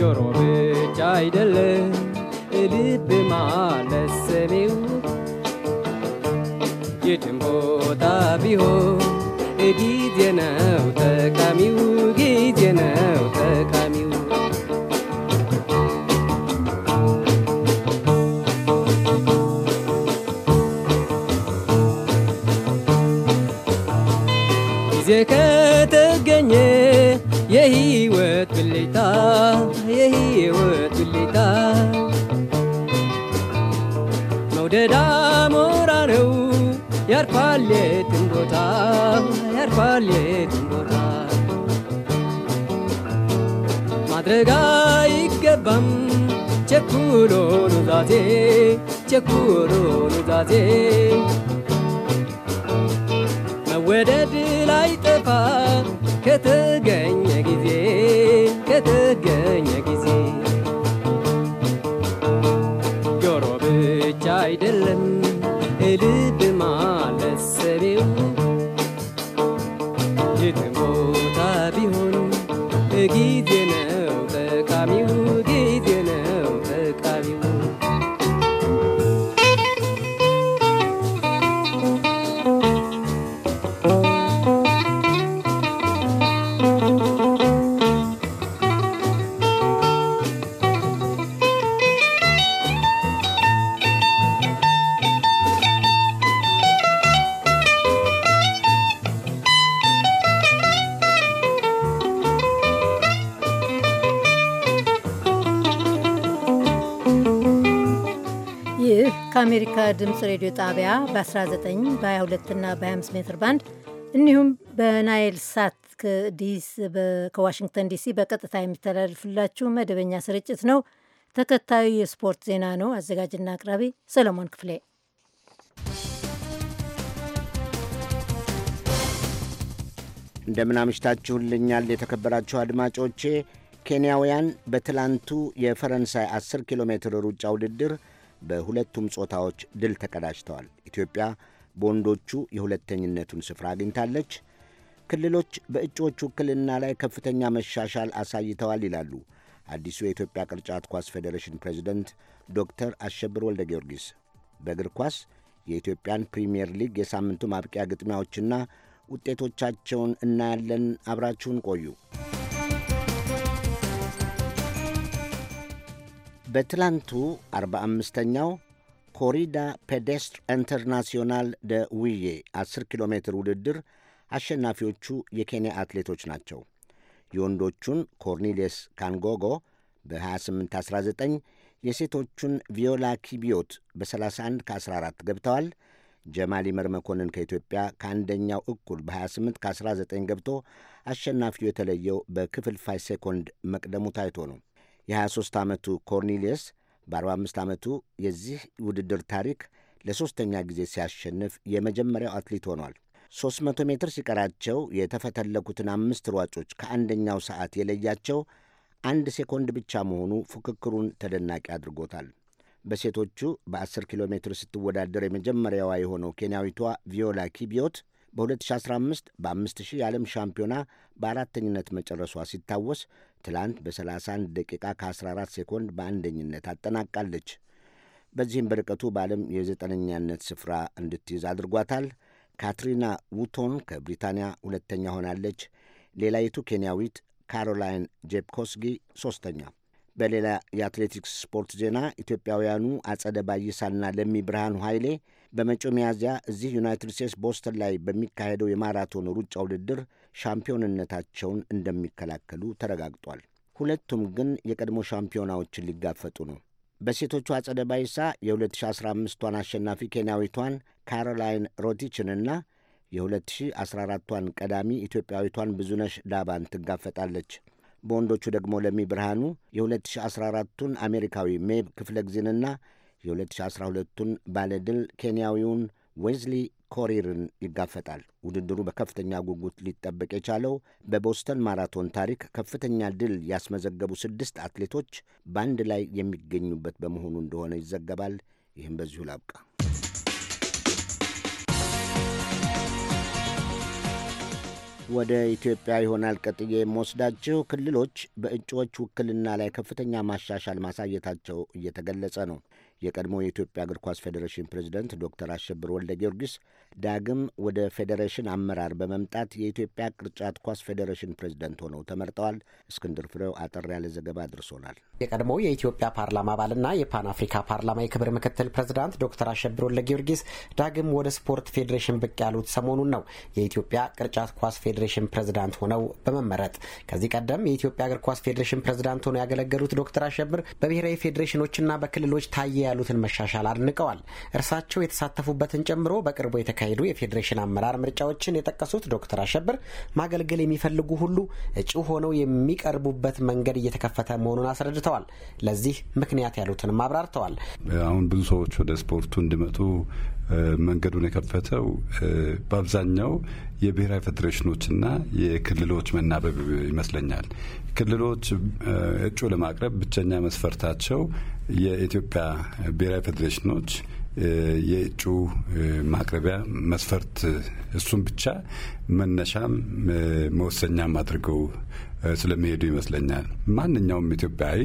ጆሮ ብቻ አይደለም ልብ ማለት ሰሚው የትም ቦታ ቢሆን ጊዜ ነው ጠቃሚው ጊዜ ነው ጠቃሚው ጊዜ ከተገኘ የህይወት ብልታ የህይወት ብልታ መውደድ አሞራ ነው ያርፋል የትም ቦታ ይከፋል ማድረግ አይገባም ቸኩሎ ኑዛዜ ቸኩሎ ኑዛዜ መወደድ ላይ ጠፋ ከተገ በ19 በ22ና በ25 ሜትር ባንድ እንዲሁም በናይል ሳት ከዋሽንግተን ዲሲ በቀጥታ የሚተላልፍላችሁ መደበኛ ስርጭት ነው። ተከታዩ የስፖርት ዜና ነው። አዘጋጅና አቅራቢ ሰለሞን ክፍሌ። እንደምን አምሽታችሁልኛል የተከበራችሁ አድማጮቼ። ኬንያውያን በትላንቱ የፈረንሳይ 10 ኪሎ ሜትር ሩጫ ውድድር በሁለቱም ጾታዎች ድል ተቀዳጅተዋል። ኢትዮጵያ በወንዶቹ የሁለተኝነቱን ስፍራ አግኝታለች። ክልሎች በእጩዎች ውክልና ላይ ከፍተኛ መሻሻል አሳይተዋል ይላሉ አዲሱ የኢትዮጵያ ቅርጫት ኳስ ፌዴሬሽን ፕሬዚደንት ዶክተር አሸብር ወልደ ጊዮርጊስ። በእግር ኳስ የኢትዮጵያን ፕሪምየር ሊግ የሳምንቱ ማብቂያ ግጥሚያዎችና ውጤቶቻቸውን እናያለን። አብራችሁን ቆዩ። በትላንቱ 45ኛው ኮሪዳ ፔዴስትር ኢንተርናሲዮናል ደ ውዬ 10 ኪሎ ሜትር ውድድር አሸናፊዎቹ የኬንያ አትሌቶች ናቸው። የወንዶቹን ኮርኔሊየስ ካንጎጎ በ2819 የሴቶቹን ቪዮላ ኪቢዮት በ31 ከ14 ገብተዋል። ጀማሊ መር መኮንን ከኢትዮጵያ ከአንደኛው እኩል በ28 ከ19 ገብቶ አሸናፊው የተለየው በክፍልፋይ ሴኮንድ መቅደሙ ታይቶ ነው። የ23 ዓመቱ ኮርኒሊየስ በ45 ዓመቱ የዚህ ውድድር ታሪክ ለሦስተኛ ጊዜ ሲያሸንፍ የመጀመሪያው አትሌት ሆኗል። 300 ሜትር ሲቀራቸው የተፈተለኩትን አምስት ሯጮች ከአንደኛው ሰዓት የለያቸው አንድ ሴኮንድ ብቻ መሆኑ ፉክክሩን ተደናቂ አድርጎታል። በሴቶቹ በ10 ኪሎ ሜትር ስትወዳደር የመጀመሪያዋ የሆነው ኬንያዊቷ ቪዮላ ኪቢዮት በ2015 በ5000 የዓለም ሻምፒዮና በአራተኝነት መጨረሷ ሲታወስ ትላንት በ31 ደቂቃ ከ14 ሴኮንድ በአንደኝነት አጠናቃለች። በዚህም በርቀቱ በዓለም የዘጠነኛነት ስፍራ እንድትይዝ አድርጓታል። ካትሪና ውቶን ከብሪታንያ ሁለተኛ ሆናለች። ሌላዪቱ ኬንያዊት ካሮላይን ጄፕኮስጊ ሦስተኛ። በሌላ የአትሌቲክስ ስፖርት ዜና ኢትዮጵያውያኑ አጸደ ባይሳና ለሚ ብርሃኑ ኃይሌ በመጪው ሚያዝያ እዚህ ዩናይትድ ስቴትስ ቦስተን ላይ በሚካሄደው የማራቶን ሩጫ ውድድር ሻምፒዮንነታቸውን እንደሚከላከሉ ተረጋግጧል። ሁለቱም ግን የቀድሞ ሻምፒዮናዎችን ሊጋፈጡ ነው። በሴቶቹ አጸደ ባይሳ የ2015ቷን አሸናፊ ኬንያዊቷን ካሮላይን ሮቲችንና የ2014ቷን ቀዳሚ ኢትዮጵያዊቷን ብዙነሽ ዳባን ትጋፈጣለች። በወንዶቹ ደግሞ ለሚ ብርሃኑ የ2014ቱን አሜሪካዊ ሜብ ክፍለ ጊዜንና የ2012ቱን ባለድል ኬንያዊውን ዌዝሊ ኮሪርን ይጋፈጣል። ውድድሩ በከፍተኛ ጉጉት ሊጠበቅ የቻለው በቦስተን ማራቶን ታሪክ ከፍተኛ ድል ያስመዘገቡ ስድስት አትሌቶች በአንድ ላይ የሚገኙበት በመሆኑ እንደሆነ ይዘገባል። ይህም በዚሁ ላብቃ። ወደ ኢትዮጵያ ይሆናል ቀጥዬ የምወስዳችሁ። ክልሎች በእጩዎች ውክልና ላይ ከፍተኛ ማሻሻል ማሳየታቸው እየተገለጸ ነው። የቀድሞ የኢትዮጵያ እግር ኳስ ፌዴሬሽን ፕሬዚደንት ዶክተር አሸብር ወልደ ጊዮርጊስ ዳግም ወደ ፌዴሬሽን አመራር በመምጣት የኢትዮጵያ ቅርጫት ኳስ ፌዴሬሽን ፕሬዝደንት ሆነው ተመርጠዋል። እስክንድር ፍሬው አጠር ያለ ዘገባ አድርሶናል። የቀድሞው የኢትዮጵያ ፓርላማ አባልና የፓን አፍሪካ ፓርላማ የክብር ምክትል ፕሬዝዳንት ዶክተር አሸብር ወልደ ጊዮርጊስ ዳግም ወደ ስፖርት ፌዴሬሽን ብቅ ያሉት ሰሞኑን ነው። የኢትዮጵያ ቅርጫት ኳስ ፌዴሬሽን ፕሬዝዳንት ሆነው በመመረጥ ከዚህ ቀደም የኢትዮጵያ እግር ኳስ ፌዴሬሽን ፕሬዝዳንት ሆነው ያገለገሉት ዶክተር አሸብር በብሔራዊ ፌዴሬሽኖችና በክልሎች ታየ ያሉትን መሻሻል አድንቀዋል። እርሳቸው የተሳተፉበትን ጨምሮ በቅርቡ የተከ የሚካሄዱ የፌዴሬሽን አመራር ምርጫዎችን የጠቀሱት ዶክተር አሸብር ማገልገል የሚፈልጉ ሁሉ እጩ ሆነው የሚቀርቡበት መንገድ እየተከፈተ መሆኑን አስረድተዋል። ለዚህ ምክንያት ያሉትንም አብራርተዋል። አሁን ብዙ ሰዎች ወደ ስፖርቱ እንዲመጡ መንገዱን የከፈተው በአብዛኛው የብሔራዊ ፌዴሬሽኖችና የክልሎች መናበብ ይመስለኛል። ክልሎች እጩ ለማቅረብ ብቸኛ መስፈርታቸው የኢትዮጵያ ብሔራዊ ፌዴሬሽኖች የእጩ ማቅረቢያ መስፈርት እሱም ብቻ መነሻም መወሰኛም አድርገው ስለሚሄዱ ይመስለኛል። ማንኛውም ኢትዮጵያዊ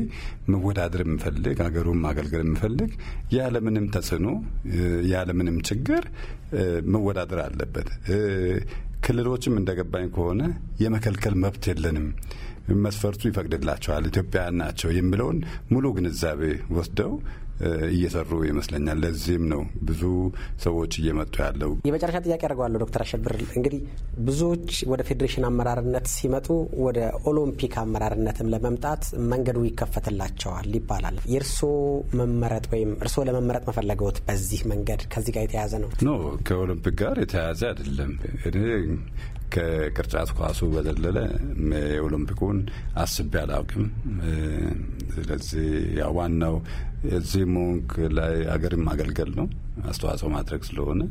መወዳደር የምፈልግ ሀገሩን ማገልገል የምፈልግ ያለምንም ተጽዕኖ ያለምንም ችግር መወዳደር አለበት። ክልሎችም እንደገባኝ ከሆነ የመከልከል መብት የለንም፣ መስፈርቱ ይፈቅድላቸዋል፣ ኢትዮጵያውያን ናቸው የሚለውን ሙሉ ግንዛቤ ወስደው እየሰሩ ይመስለኛል። ለዚህም ነው ብዙ ሰዎች እየመጡ ያለው። የመጨረሻ ጥያቄ አድርገዋለሁ ዶክተር አሸብር እንግዲህ ብዙዎች ወደ ፌዴሬሽን አመራርነት ሲመጡ ወደ ኦሎምፒክ አመራርነትም ለመምጣት መንገዱ ይከፈትላቸዋል ይባላል። የእርስዎ መመረጥ ወይም እርስዎ ለመመረጥ መፈለገውት በዚህ መንገድ ከዚህ ጋር የተያያዘ ነው? ኖ ከኦሎምፒክ ጋር የተያያዘ አይደለም። እኔ ከቅርጫት ኳሱ በዘለለ የኦሎምፒኩን አስቤ አላውቅም። ስለዚህ ያው ዋናው እዚህ ሞንክ ላይ አገርም ማገልገል ነው፣ አስተዋጽኦ ማድረግ ስለሆነ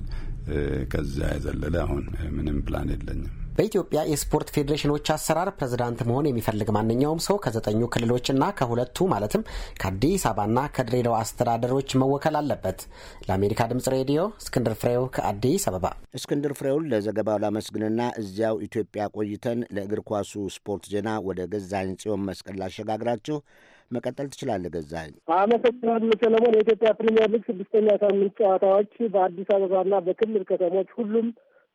ከዚያ የዘለለ አሁን ምንም ፕላን የለኝም። በኢትዮጵያ የስፖርት ፌዴሬሽኖች አሰራር ፕሬዝዳንት መሆን የሚፈልግ ማንኛውም ሰው ከዘጠኙ ክልሎችና ከሁለቱ ማለትም ከአዲስ አበባና ከድሬዳዋ አስተዳደሮች መወከል አለበት። ለአሜሪካ ድምጽ ሬዲዮ እስክንድር ፍሬው ከአዲስ አበባ። እስክንድር ፍሬውን ለዘገባው ላመስግንና እዚያው ኢትዮጵያ ቆይተን ለእግር ኳሱ ስፖርት ዜና ወደ ገዛኝ ጽዮን መስቀል ላሸጋግራችሁ። መቀጠል ትችላለህ ገዛኝ። አመሰግናለሁ ሰለሞን። የኢትዮጵያ ፕሪሚየር ሊግ ስድስተኛ ሳምንት ጨዋታዎች በአዲስ አበባና በክልል ከተሞች ሁሉም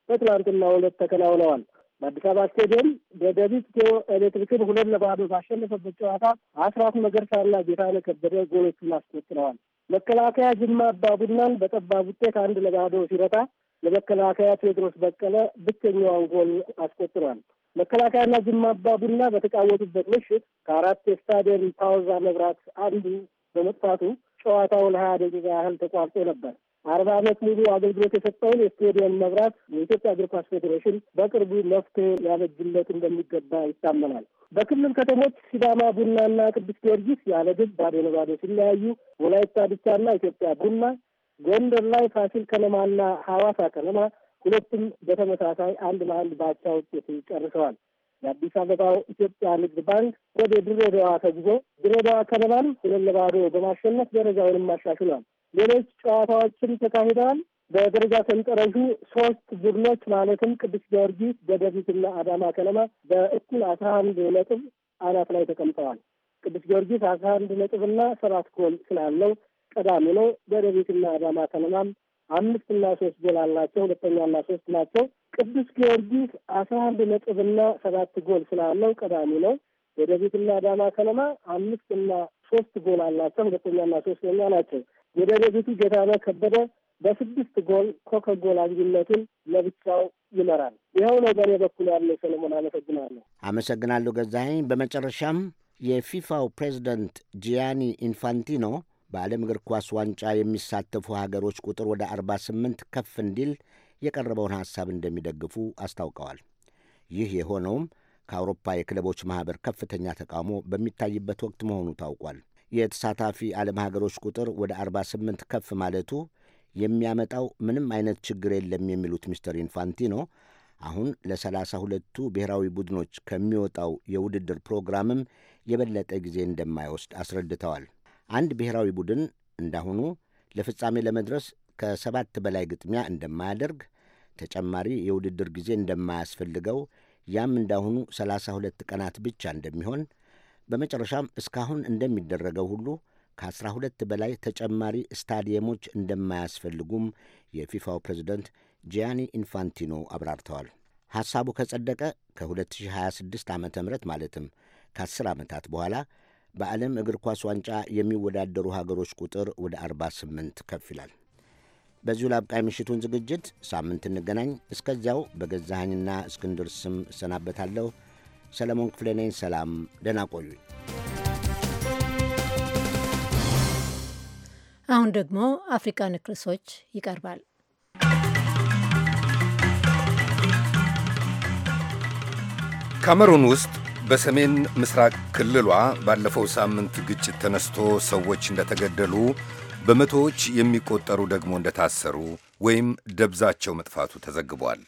በትላንትናው ሁለት ተከናውነዋል። በአዲስ አበባ ስቴዲየም በደቢት ኢትዮ ኤሌክትሪክን ሁለት ለባዶ ባሸነፈበት ጨዋታ አስራት መገርሳና ጌታነህ ከበደ ጎሎቹን አስቆጥረዋል። መከላከያ ጅማ አባ ቡናን በጠባብ ውጤት አንድ ለባዶ ሲረታ ለመከላከያ ቴዎድሮስ በቀለ ብቸኛዋን ጎል አስቆጥሯል። መከላከያና ጅማ አባ ቡና በተጫወቱበት ምሽት ከአራት የስታዲየም ፓውዛ መብራት አንዱ በመጥፋቱ ጨዋታው ለሀያ ደቂቃ ያህል ተቋርጦ ነበር። አርባ ዓመት ሙሉ አገልግሎት የሰጠውን የስቴዲየም መብራት የኢትዮጵያ እግር ኳስ ፌዴሬሽን በቅርቡ መፍትሄ ሊያበጅለት እንደሚገባ ይታመናል። በክልል ከተሞች ሲዳማ ቡናና ቅዱስ ጊዮርጊስ ያለ ግብ ባዶ ለባዶ ሲለያዩ፣ ወላይታ ድቻና ኢትዮጵያ ቡና፣ ጎንደር ላይ ፋሲል ከነማና ሐዋሳ ከነማ ሁለቱም በተመሳሳይ አንድ ለአንድ በአቻ ውጤት ጨርሰዋል። የአዲስ አበባው ኢትዮጵያ ንግድ ባንክ ወደ ድሬዳዋ ተጉዞ ድሬዳዋ ከነማን ሁለት ለባዶ በማሸነፍ ደረጃውንም አሻሽሏል። ሌሎች ጨዋታዎችም ተካሂደዋል። በደረጃ ሰንጠረዡ ሶስት ቡድኖች ማለትም ቅዱስ ጊዮርጊስ፣ ደደቢትና አዳማ ከነማ በእኩል አስራ አንድ ነጥብ አናት ላይ ተቀምጠዋል። ቅዱስ ጊዮርጊስ አስራ አንድ ነጥብና ሰባት ጎል ስላለው ቀዳሚ ነው። ደደቢትና አዳማ ከነማም አምስትና ሶስት ጎል አላቸው። ሁለተኛና ሶስት ናቸው። ቅዱስ ጊዮርጊስ አስራ አንድ ነጥብና ሰባት ጎል ስላለው ቀዳሚ ነው። ደደቢትና አዳማ ከነማ አምስትና ሶስት ጎል አላቸው። ሁለተኛና ሶስተኛ ናቸው። የደረጅቱ ጌታነህ ከበደ በስድስት ጎል ጎል አግቢነቱን ለብቻው ይመራል። ይኸው ነው በእኔ በኩል ያለው። ሰለሞን አመሰግናለሁ። አመሰግናለሁ ገዛኸኝ። በመጨረሻም የፊፋው ፕሬዚደንት ጂያኒ ኢንፋንቲኖ በዓለም እግር ኳስ ዋንጫ የሚሳተፉ ሀገሮች ቁጥር ወደ 48 ከፍ እንዲል የቀረበውን ሐሳብ እንደሚደግፉ አስታውቀዋል። ይህ የሆነውም ከአውሮፓ የክለቦች ማኅበር ከፍተኛ ተቃውሞ በሚታይበት ወቅት መሆኑ ታውቋል። የተሳታፊ ዓለም ሀገሮች ቁጥር ወደ 48 ከፍ ማለቱ የሚያመጣው ምንም አይነት ችግር የለም የሚሉት ሚስተር ኢንፋንቲኖ አሁን ለሰላሳ ሁለቱ ብሔራዊ ቡድኖች ከሚወጣው የውድድር ፕሮግራምም የበለጠ ጊዜ እንደማይወስድ አስረድተዋል። አንድ ብሔራዊ ቡድን እንዳሁኑ ለፍጻሜ ለመድረስ ከሰባት በላይ ግጥሚያ እንደማያደርግ፣ ተጨማሪ የውድድር ጊዜ እንደማያስፈልገው፣ ያም እንዳሁኑ ሰላሳ ሁለት ቀናት ብቻ እንደሚሆን በመጨረሻም እስካሁን እንደሚደረገው ሁሉ ከ12 በላይ ተጨማሪ ስታዲየሞች እንደማያስፈልጉም የፊፋው ፕሬዚደንት ጂያኒ ኢንፋንቲኖ አብራርተዋል። ሐሳቡ ከጸደቀ ከ2026 ዓ ም ማለትም ከ10 ዓመታት በኋላ በዓለም እግር ኳስ ዋንጫ የሚወዳደሩ ሀገሮች ቁጥር ወደ 48 ከፍ ይላል። በዚሁ ላብቃ የምሽቱን ዝግጅት። ሳምንት እንገናኝ። እስከዚያው በገዛኸኝና እስክንድር ስም እሰናበታለሁ። ሰለሞን ክፍሌ ነኝ። ሰላም፣ ደህና ቆዩ። አሁን ደግሞ አፍሪካ ነክ ርዕሶች ይቀርባል። ካሜሩን ውስጥ በሰሜን ምስራቅ ክልሏ ባለፈው ሳምንት ግጭት ተነስቶ ሰዎች እንደተገደሉ በመቶዎች የሚቆጠሩ ደግሞ እንደታሰሩ ወይም ደብዛቸው መጥፋቱ ተዘግቧል።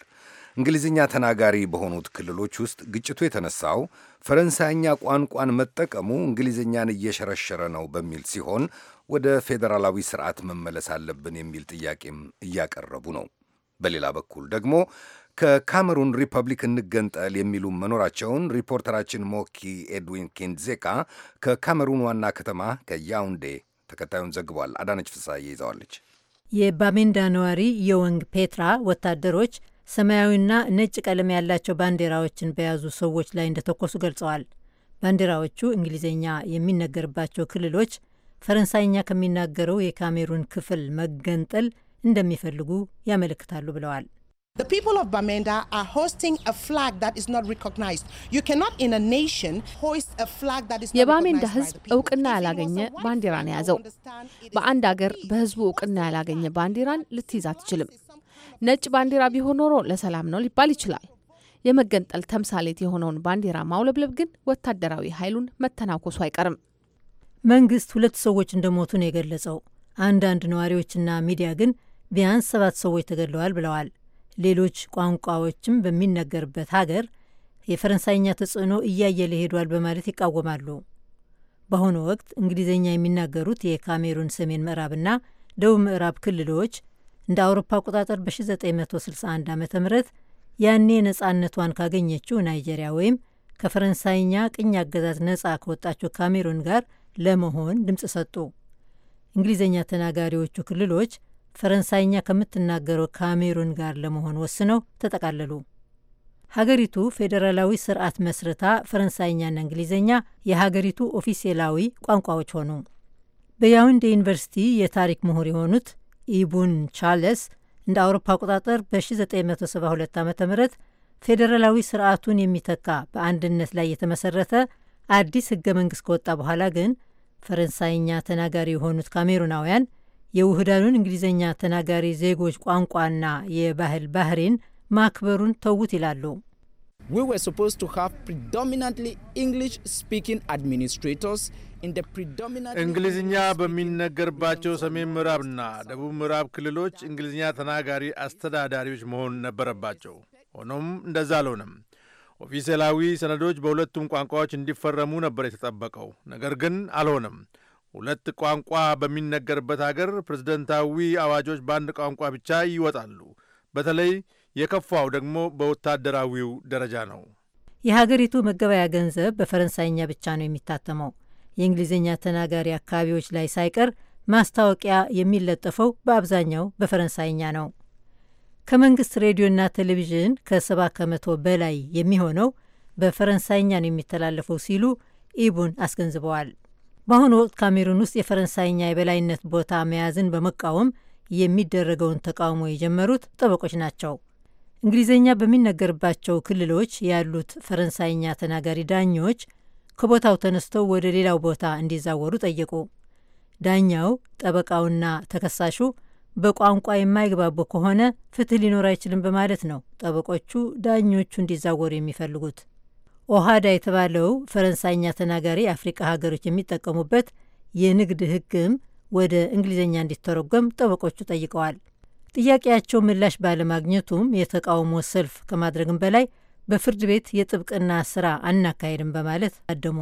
እንግሊዝኛ ተናጋሪ በሆኑት ክልሎች ውስጥ ግጭቱ የተነሳው ፈረንሳይኛ ቋንቋን መጠቀሙ እንግሊዝኛን እየሸረሸረ ነው በሚል ሲሆን ወደ ፌዴራላዊ ስርዓት መመለስ አለብን የሚል ጥያቄም እያቀረቡ ነው። በሌላ በኩል ደግሞ ከካሜሩን ሪፐብሊክ እንገንጠል የሚሉ መኖራቸውን ሪፖርተራችን ሞኪ ኤድዊን ኬንዜካ ከካሜሩን ዋና ከተማ ከያውንዴ ተከታዩን ዘግቧል። አዳነች ፍሳዬ ይዘዋለች። የባሜንዳ ነዋሪ የወንግ ፔትራ ወታደሮች ሰማያዊና ነጭ ቀለም ያላቸው ባንዲራዎችን በያዙ ሰዎች ላይ እንደተኮሱ ገልጸዋል። ባንዲራዎቹ እንግሊዝኛ የሚነገርባቸው ክልሎች ፈረንሳይኛ ከሚናገረው የካሜሩን ክፍል መገንጠል እንደሚፈልጉ ያመለክታሉ ብለዋል። የባሜንዳ ህዝብ እውቅና ያላገኘ ባንዲራን የያዘው በአንድ አገር በህዝቡ እውቅና ያላገኘ ባንዲራን ልትይዝ አትችልም። ነጭ ባንዲራ ቢሆን ኖሮ ለሰላም ነው ሊባል ይችላል። የመገንጠል ተምሳሌት የሆነውን ባንዲራ ማውለብለብ ግን ወታደራዊ ኃይሉን መተናኮሱ አይቀርም። መንግስት ሁለት ሰዎች እንደሞቱ ነው የገለጸው። አንዳንድ ነዋሪዎችና ሚዲያ ግን ቢያንስ ሰባት ሰዎች ተገድለዋል ብለዋል። ሌሎች ቋንቋዎችም በሚነገርበት ሀገር የፈረንሳይኛ ተጽዕኖ እያየለ ሄዷል በማለት ይቃወማሉ። በአሁኑ ወቅት እንግሊዝኛ የሚናገሩት የካሜሩን ሰሜን ምዕራብና ደቡብ ምዕራብ ክልሎች እንደ አውሮፓ አቆጣጠር በ1961 ዓ ም ያኔ ነፃነቷን ካገኘችው ናይጄሪያ ወይም ከፈረንሳይኛ ቅኝ አገዛዝ ነፃ ከወጣችው ካሜሩን ጋር ለመሆን ድምፅ ሰጡ። እንግሊዝኛ ተናጋሪዎቹ ክልሎች ፈረንሳይኛ ከምትናገረው ካሜሩን ጋር ለመሆን ወስነው ተጠቃለሉ። ሀገሪቱ ፌዴራላዊ ስርዓት መስረታ ፈረንሳይኛና እንግሊዝኛ የሀገሪቱ ኦፊሴላዊ ቋንቋዎች ሆኑ። በያውንዴ ዩኒቨርሲቲ የታሪክ ምሁር የሆኑት ኢቡን ቻለስ እንደ አውሮፓ አቆጣጠር በ1972 ዓ ም ፌዴራላዊ ስርዓቱን የሚተካ በአንድነት ላይ የተመሰረተ አዲስ ህገ መንግስት ከወጣ በኋላ ግን ፈረንሳይኛ ተናጋሪ የሆኑት ካሜሩናውያን የውህዳኑን እንግሊዝኛ ተናጋሪ ዜጎች ቋንቋና የባህል ባህሪን ማክበሩን ተዉት ይላሉ። We were supposed to have predominantly English speaking administrators እንግሊዝኛ በሚነገርባቸው ሰሜን ምዕራብና ደቡብ ምዕራብ ክልሎች እንግሊዝኛ ተናጋሪ አስተዳዳሪዎች መሆን ነበረባቸው። ሆኖም እንደዛ አልሆነም። ኦፊሴላዊ ሰነዶች በሁለቱም ቋንቋዎች እንዲፈረሙ ነበር የተጠበቀው። ነገር ግን አልሆነም። ሁለት ቋንቋ በሚነገርበት አገር ፕሬዝደንታዊ አዋጆች በአንድ ቋንቋ ብቻ ይወጣሉ። በተለይ የከፋው ደግሞ በወታደራዊው ደረጃ ነው። የሀገሪቱ መገበያ ገንዘብ በፈረንሳይኛ ብቻ ነው የሚታተመው። የእንግሊዝኛ ተናጋሪ አካባቢዎች ላይ ሳይቀር ማስታወቂያ የሚለጠፈው በአብዛኛው በፈረንሳይኛ ነው። ከመንግስት ሬዲዮና ቴሌቪዥን ከሰባ ከመቶ በላይ የሚሆነው በፈረንሳይኛ ነው የሚተላለፈው ሲሉ ኢቡን አስገንዝበዋል። በአሁኑ ወቅት ካሜሩን ውስጥ የፈረንሳይኛ የበላይነት ቦታ መያዝን በመቃወም የሚደረገውን ተቃውሞ የጀመሩት ጠበቆች ናቸው። እንግሊዝኛ በሚነገርባቸው ክልሎች ያሉት ፈረንሳይኛ ተናጋሪ ዳኞች ከቦታው ተነስተው ወደ ሌላው ቦታ እንዲዛወሩ ጠየቁ። ዳኛው ጠበቃውና ተከሳሹ በቋንቋ የማይግባቡ ከሆነ ፍትህ ሊኖር አይችልም በማለት ነው ጠበቆቹ ዳኞቹ እንዲዛወሩ የሚፈልጉት። ኦሃዳ የተባለው ፈረንሳይኛ ተናጋሪ አፍሪቃ ሀገሮች የሚጠቀሙበት የንግድ ህግም ወደ እንግሊዝኛ እንዲተረጎም ጠበቆቹ ጠይቀዋል። ጥያቄያቸው ምላሽ ባለማግኘቱም የተቃውሞ ሰልፍ ከማድረግም በላይ በፍርድ ቤት የጥብቅና ስራ አናካሄድም በማለት አደሙ።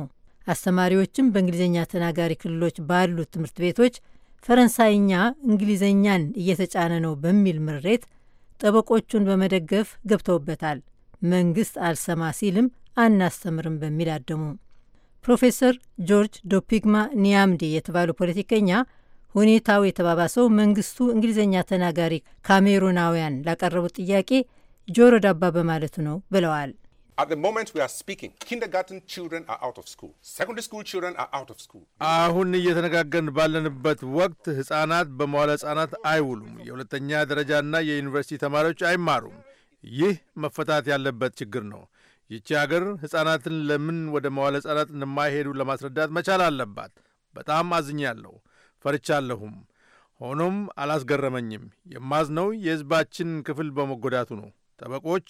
አስተማሪዎችም በእንግሊዝኛ ተናጋሪ ክልሎች ባሉት ትምህርት ቤቶች ፈረንሳይኛ እንግሊዝኛን እየተጫነ ነው በሚል ምሬት ጠበቆቹን በመደገፍ ገብተውበታል። መንግስት አልሰማ ሲልም አናስተምርም በሚል አደሙ። ፕሮፌሰር ጆርጅ ዶፒግማ ኒያምዲ የተባሉ ፖለቲከኛ ሁኔታው የተባባሰው መንግስቱ እንግሊዝኛ ተናጋሪ ካሜሩናውያን ላቀረቡት ጥያቄ ጆሮ ዳባ በማለቱ ነው ብለዋል። አሁን እየተነጋገርን ባለንበት ወቅት ሕፃናት በመዋለ ሕፃናት አይውሉም። የሁለተኛ ደረጃና የዩኒቨርሲቲ ተማሪዎች አይማሩም። ይህ መፈታት ያለበት ችግር ነው። ይቺ አገር ሕፃናትን ለምን ወደ መዋለ ሕፃናት እንደማይሄዱ ለማስረዳት መቻል አለባት። በጣም አዝኛለሁ፣ ፈርቻለሁም። ሆኖም አላስገረመኝም። የማዝነው የሕዝባችን ክፍል በመጎዳቱ ነው። ጠበቆች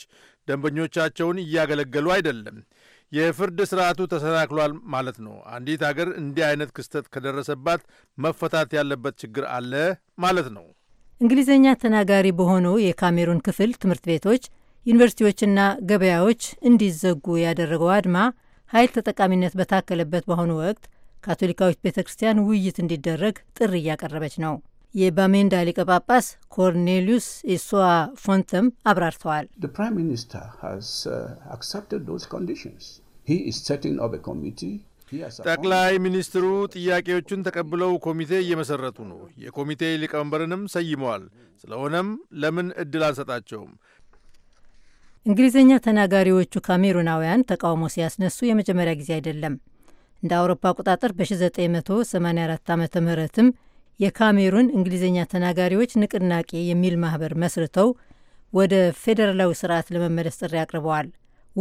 ደንበኞቻቸውን እያገለገሉ አይደለም። የፍርድ ስርዓቱ ተሰናክሏል ማለት ነው። አንዲት አገር እንዲህ አይነት ክስተት ከደረሰባት መፈታት ያለበት ችግር አለ ማለት ነው። እንግሊዝኛ ተናጋሪ በሆነው የካሜሩን ክፍል ትምህርት ቤቶች፣ ዩኒቨርሲቲዎችና ገበያዎች እንዲዘጉ ያደረገው አድማ ኃይል ተጠቃሚነት በታከለበት በአሁኑ ወቅት ካቶሊካዊት ቤተ ክርስቲያን ውይይት እንዲደረግ ጥሪ እያቀረበች ነው። የባሜንዳ ሊቀ ጳጳስ ኮርኔሊዩስ ኢሶዋ ፎንተም አብራርተዋል። uh, ጠቅላይ ሚኒስትሩ ጥያቄዎቹን ተቀብለው ኮሚቴ እየመሰረቱ ነው። የኮሚቴ ሊቀመንበርንም ሰይመዋል። ስለሆነም ለምን እድል አንሰጣቸውም? እንግሊዝኛ ተናጋሪዎቹ ካሜሩናውያን ተቃውሞ ሲያስነሱ የመጀመሪያ ጊዜ አይደለም። እንደ አውሮፓ አቆጣጠር በ1984 ዓ ም የካሜሩን እንግሊዝኛ ተናጋሪዎች ንቅናቄ የሚል ማህበር መስርተው ወደ ፌዴራላዊ ስርዓት ለመመለስ ጥሪ አቅርበዋል።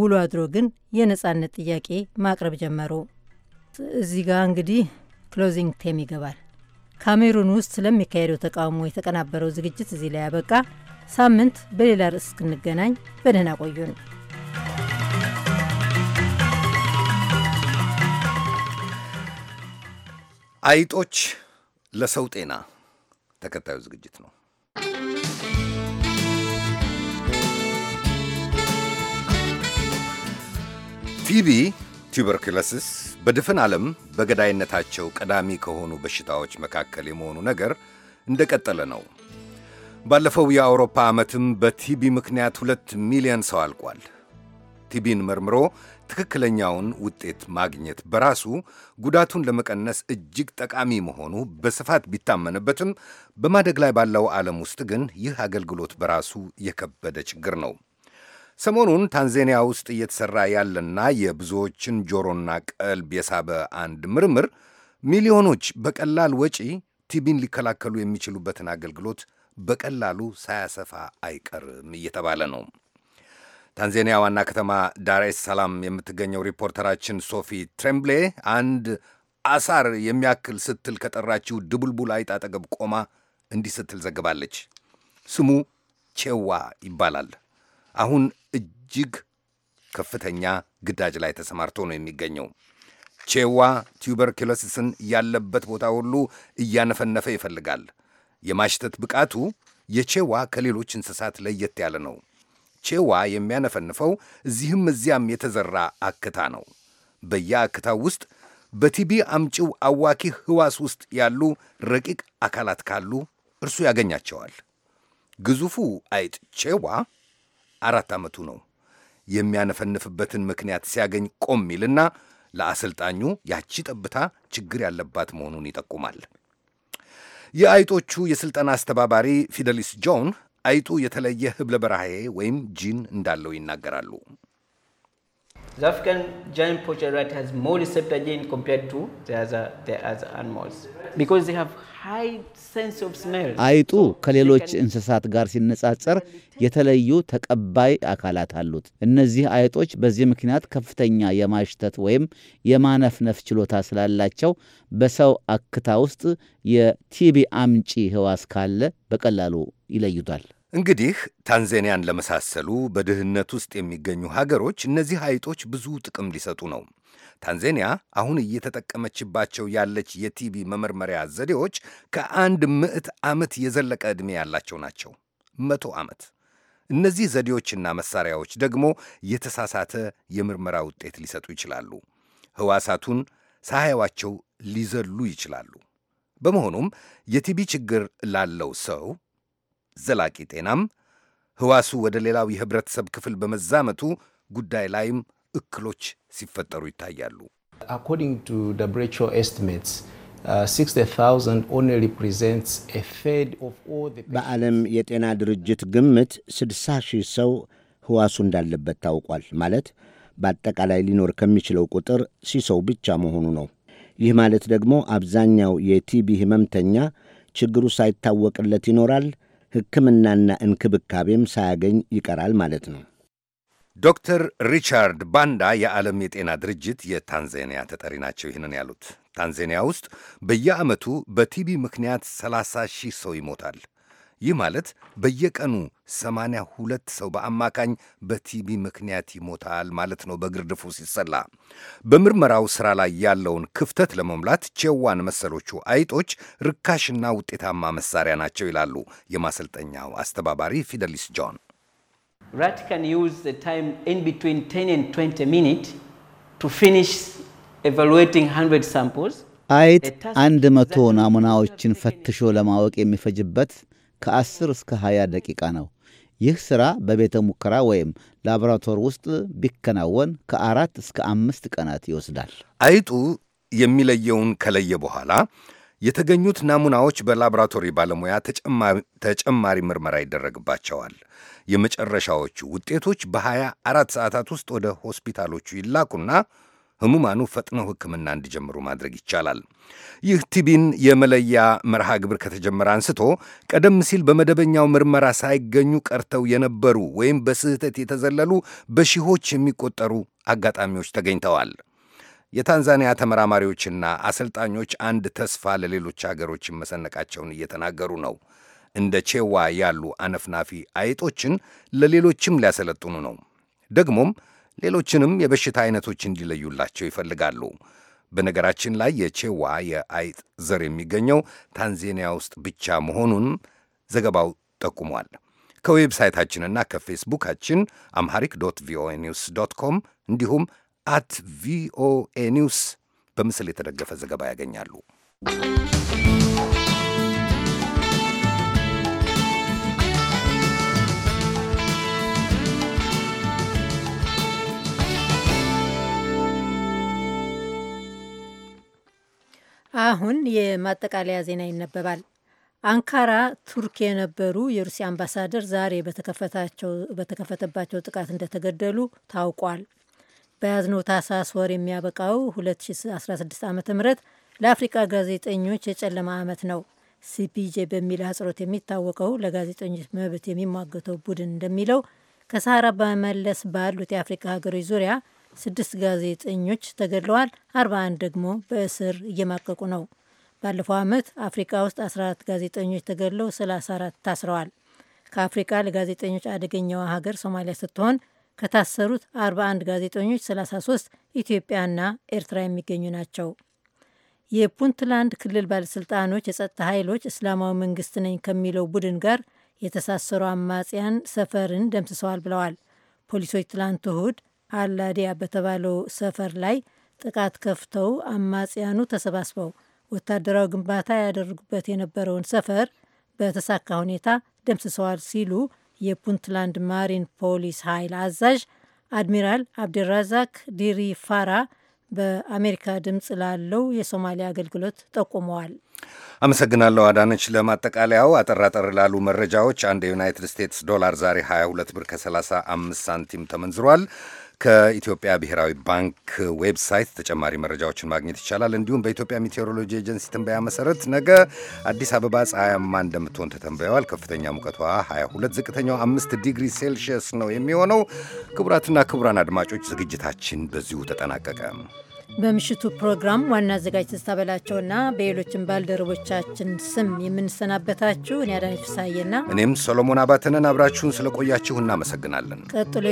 ውሎ አድሮ ግን የነጻነት ጥያቄ ማቅረብ ጀመሩ። እዚህ ጋር እንግዲህ ክሎዚንግ ቴም ይገባል። ካሜሩን ውስጥ ስለሚካሄደው ተቃውሞ የተቀናበረው ዝግጅት እዚህ ላይ ያበቃ። ሳምንት በሌላ ርዕስ እስክንገናኝ በደህና ቆዩን። አይጦች ለሰው ጤና ተከታዩ ዝግጅት ነው። ቲቢ ቱበርክሎስስ በድፍን ዓለም በገዳይነታቸው ቀዳሚ ከሆኑ በሽታዎች መካከል የመሆኑ ነገር እንደቀጠለ ነው። ባለፈው የአውሮፓ ዓመትም በቲቢ ምክንያት ሁለት ሚሊዮን ሰው አልቋል። ቲቢን መርምሮ ትክክለኛውን ውጤት ማግኘት በራሱ ጉዳቱን ለመቀነስ እጅግ ጠቃሚ መሆኑ በስፋት ቢታመንበትም በማደግ ላይ ባለው ዓለም ውስጥ ግን ይህ አገልግሎት በራሱ የከበደ ችግር ነው። ሰሞኑን ታንዛኒያ ውስጥ እየተሠራ ያለና የብዙዎችን ጆሮና ቀልብ የሳበ አንድ ምርምር ሚሊዮኖች በቀላል ወጪ ቲቢን ሊከላከሉ የሚችሉበትን አገልግሎት በቀላሉ ሳያሰፋ አይቀርም እየተባለ ነው። ታንዛኒያ ዋና ከተማ ዳር ሰላም የምትገኘው ሪፖርተራችን ሶፊ ትሬምብሌ አንድ አሳር የሚያክል ስትል ከጠራችው ድቡልቡል አይጥ አጠገብ ቆማ እንዲህ ስትል ዘግባለች። ስሙ ቼዋ ይባላል። አሁን እጅግ ከፍተኛ ግዳጅ ላይ ተሰማርቶ ነው የሚገኘው። ቼዋ ቱበርኪሎሲስን ያለበት ቦታ ሁሉ እያነፈነፈ ይፈልጋል። የማሽተት ብቃቱ የቼዋ ከሌሎች እንስሳት ለየት ያለ ነው። ቼዋ የሚያነፈንፈው እዚህም እዚያም የተዘራ አክታ ነው። በየአክታው ውስጥ በቲቢ አምጪው አዋኪ ህዋስ ውስጥ ያሉ ረቂቅ አካላት ካሉ እርሱ ያገኛቸዋል። ግዙፉ አይጥ ቼዋ አራት ዓመቱ ነው። የሚያነፈንፍበትን ምክንያት ሲያገኝ ቆም ይልና ለአሰልጣኙ ያቺ ጠብታ ችግር ያለባት መሆኑን ይጠቁማል። የአይጦቹ የሥልጠና አስተባባሪ ፊደሊስ ጆን አይጡ የተለየ ህብለ በራሄ ወይም ጂን እንዳለው ይናገራሉ። The African giant poacher rat has more receptor gene compared to the other, the other animals because they have high sense of smell. አይጡ ከሌሎች እንስሳት ጋር ሲነጻጸር የተለዩ ተቀባይ አካላት አሉት። እነዚህ አይጦች በዚህ ምክንያት ከፍተኛ የማሽተት ወይም የማነፍነፍ ችሎታ ስላላቸው በሰው አክታ ውስጥ የቲቢ አምጪ ሕዋስ ካለ በቀላሉ ይለዩታል። እንግዲህ ታንዛኒያን ለመሳሰሉ በድህነት ውስጥ የሚገኙ ሀገሮች እነዚህ አይጦች ብዙ ጥቅም ሊሰጡ ነው። ታንዛኒያ አሁን እየተጠቀመችባቸው ያለች የቲቢ መመርመሪያ ዘዴዎች ከአንድ ምዕት ዓመት የዘለቀ ዕድሜ ያላቸው ናቸው። መቶ ዓመት። እነዚህ ዘዴዎችና መሳሪያዎች ደግሞ የተሳሳተ የምርመራ ውጤት ሊሰጡ ይችላሉ። ሕዋሳቱን ሳያዩዋቸው ሊዘሉ ይችላሉ። በመሆኑም የቲቢ ችግር ላለው ሰው ዘላቂ ጤናም ህዋሱ ወደ ሌላው የህብረተሰብ ክፍል በመዛመቱ ጉዳይ ላይም እክሎች ሲፈጠሩ ይታያሉ። uh, በዓለም የጤና ድርጅት ግምት 60 ሺህ ሰው ህዋሱ እንዳለበት ታውቋል። ማለት በአጠቃላይ ሊኖር ከሚችለው ቁጥር ሲሰው ብቻ መሆኑ ነው። ይህ ማለት ደግሞ አብዛኛው የቲቢ ህመምተኛ ችግሩ ሳይታወቅለት ይኖራል። ሕክምናና እንክብካቤም ሳያገኝ ይቀራል ማለት ነው። ዶክተር ሪቻርድ ባንዳ የዓለም የጤና ድርጅት የታንዛኒያ ተጠሪ ናቸው። ይህንን ያሉት ታንዛኒያ ውስጥ በየዓመቱ በቲቢ ምክንያት 30 ሺህ ሰው ይሞታል። ይህ ማለት በየቀኑ 82 ሁለት ሰው በአማካኝ በቲቢ ምክንያት ይሞታል ማለት ነው በግርድፉ ሲሰላ። በምርመራው ስራ ላይ ያለውን ክፍተት ለመሙላት ቼዋን መሰሎቹ አይጦች ርካሽና ውጤታማ መሳሪያ ናቸው ይላሉ የማሰልጠኛው አስተባባሪ ፊደሊስ ጆን። ራት ካን ዩዝ ዘ ታይም ኢን ቢትዊን ኤንድ ሚኒት ቱ ፊኒሽ ሳምፕልስ አይጥ አንድ መቶ ናሙናዎችን ፈትሾ ለማወቅ የሚፈጅበት ከ10 እስከ 20 ደቂቃ ነው። ይህ ሥራ በቤተ ሙከራ ወይም ላቦራቶር ውስጥ ቢከናወን ከአራት እስከ አምስት ቀናት ይወስዳል። አይጡ የሚለየውን ከለየ በኋላ የተገኙት ናሙናዎች በላቦራቶሪ ባለሙያ ተጨማሪ ምርመራ ይደረግባቸዋል። የመጨረሻዎቹ ውጤቶች በ24 ሰዓታት ውስጥ ወደ ሆስፒታሎቹ ይላኩና ህሙማኑ ፈጥነው ሕክምና እንዲጀምሩ ማድረግ ይቻላል። ይህ ቲቢን የመለያ መርሃ ግብር ከተጀመረ አንስቶ ቀደም ሲል በመደበኛው ምርመራ ሳይገኙ ቀርተው የነበሩ ወይም በስህተት የተዘለሉ በሺዎች የሚቆጠሩ አጋጣሚዎች ተገኝተዋል። የታንዛኒያ ተመራማሪዎችና አሰልጣኞች አንድ ተስፋ ለሌሎች አገሮችን መሰነቃቸውን እየተናገሩ ነው። እንደ ቼዋ ያሉ አነፍናፊ አይጦችን ለሌሎችም ሊያሰለጥኑ ነው። ደግሞም ሌሎችንም የበሽታ አይነቶች እንዲለዩላቸው ይፈልጋሉ። በነገራችን ላይ የቼዋ የአይጥ ዘር የሚገኘው ታንዜኒያ ውስጥ ብቻ መሆኑን ዘገባው ጠቁሟል። ከዌብሳይታችንና ከፌስቡካችን አምሐሪክ ዶት ቪኦኤ ኒውስ ዶት ኮም እንዲሁም አት ቪኦኤ ኒውስ በምስል የተደገፈ ዘገባ ያገኛሉ። አሁን የማጠቃለያ ዜና ይነበባል። አንካራ ቱርክ የነበሩ የሩሲያ አምባሳደር ዛሬ በተከፈተባቸው ጥቃት እንደተገደሉ ታውቋል። በያዝነው ታህሳስ ወር የሚያበቃው 2016 ዓ ም ለአፍሪቃ ጋዜጠኞች የጨለማ ዓመት ነው። ሲፒጄ በሚል አጽሮት የሚታወቀው ለጋዜጠኞች መብት የሚሟገተው ቡድን እንደሚለው ከሰሃራ በመለስ ባሉት የአፍሪካ ሀገሮች ዙሪያ ስድስት ጋዜጠኞች ተገድለዋል፣ 41 ደግሞ በእስር እየማቀቁ ነው። ባለፈው ዓመት አፍሪካ ውስጥ 14 ጋዜጠኞች ተገድለው 34 ታስረዋል። ከአፍሪካ ለጋዜጠኞች አደገኛዋ ሀገር ሶማሊያ ስትሆን ከታሰሩት 41 ጋዜጠኞች 33 ኢትዮጵያና ኤርትራ የሚገኙ ናቸው። የፑንትላንድ ክልል ባለሥልጣኖች የጸጥታ ኃይሎች እስላማዊ መንግስት ነኝ ከሚለው ቡድን ጋር የተሳሰሩ አማጽያን ሰፈርን ደምስሰዋል ብለዋል። ፖሊሶች ትላንት እሁድ አላዲያ በተባለው ሰፈር ላይ ጥቃት ከፍተው አማጽያኑ ተሰባስበው ወታደራዊ ግንባታ ያደርጉበት የነበረውን ሰፈር በተሳካ ሁኔታ ደምስሰዋል ሲሉ የፑንትላንድ ማሪን ፖሊስ ኃይል አዛዥ አድሚራል አብድራዛክ ዲሪ ፋራ በአሜሪካ ድምፅ ላለው የሶማሊያ አገልግሎት ጠቁመዋል። አመሰግናለሁ አዳነች። ለማጠቃለያው አጠራጠር ላሉ መረጃዎች አንድ የዩናይትድ ስቴትስ ዶላር ዛሬ 22 ብር ከ35 ሳንቲም ተመንዝሯል። ከኢትዮጵያ ብሔራዊ ባንክ ዌብሳይት ተጨማሪ መረጃዎችን ማግኘት ይቻላል። እንዲሁም በኢትዮጵያ ሜቴሮሎጂ ኤጀንሲ ትንበያ መሰረት ነገ አዲስ አበባ ፀሐያማ እንደምትሆን ተተንበየዋል። ከፍተኛ ሙቀቷ 22፣ ዝቅተኛው 5 ዲግሪ ሴልሺየስ ነው የሚሆነው። ክቡራትና ክቡራን አድማጮች ዝግጅታችን በዚሁ ተጠናቀቀ። በምሽቱ ፕሮግራም ዋና አዘጋጅ ትዝታ በላቸውና በሌሎችን ባልደረቦቻችን ስም የምንሰናበታችሁ እኔ አዳነች ፍስሐዬና እኔም ሰሎሞን አባተነን አብራችሁን ስለቆያችሁ እናመሰግናለን። ቀጥሎ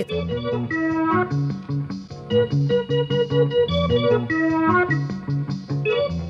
Thank you.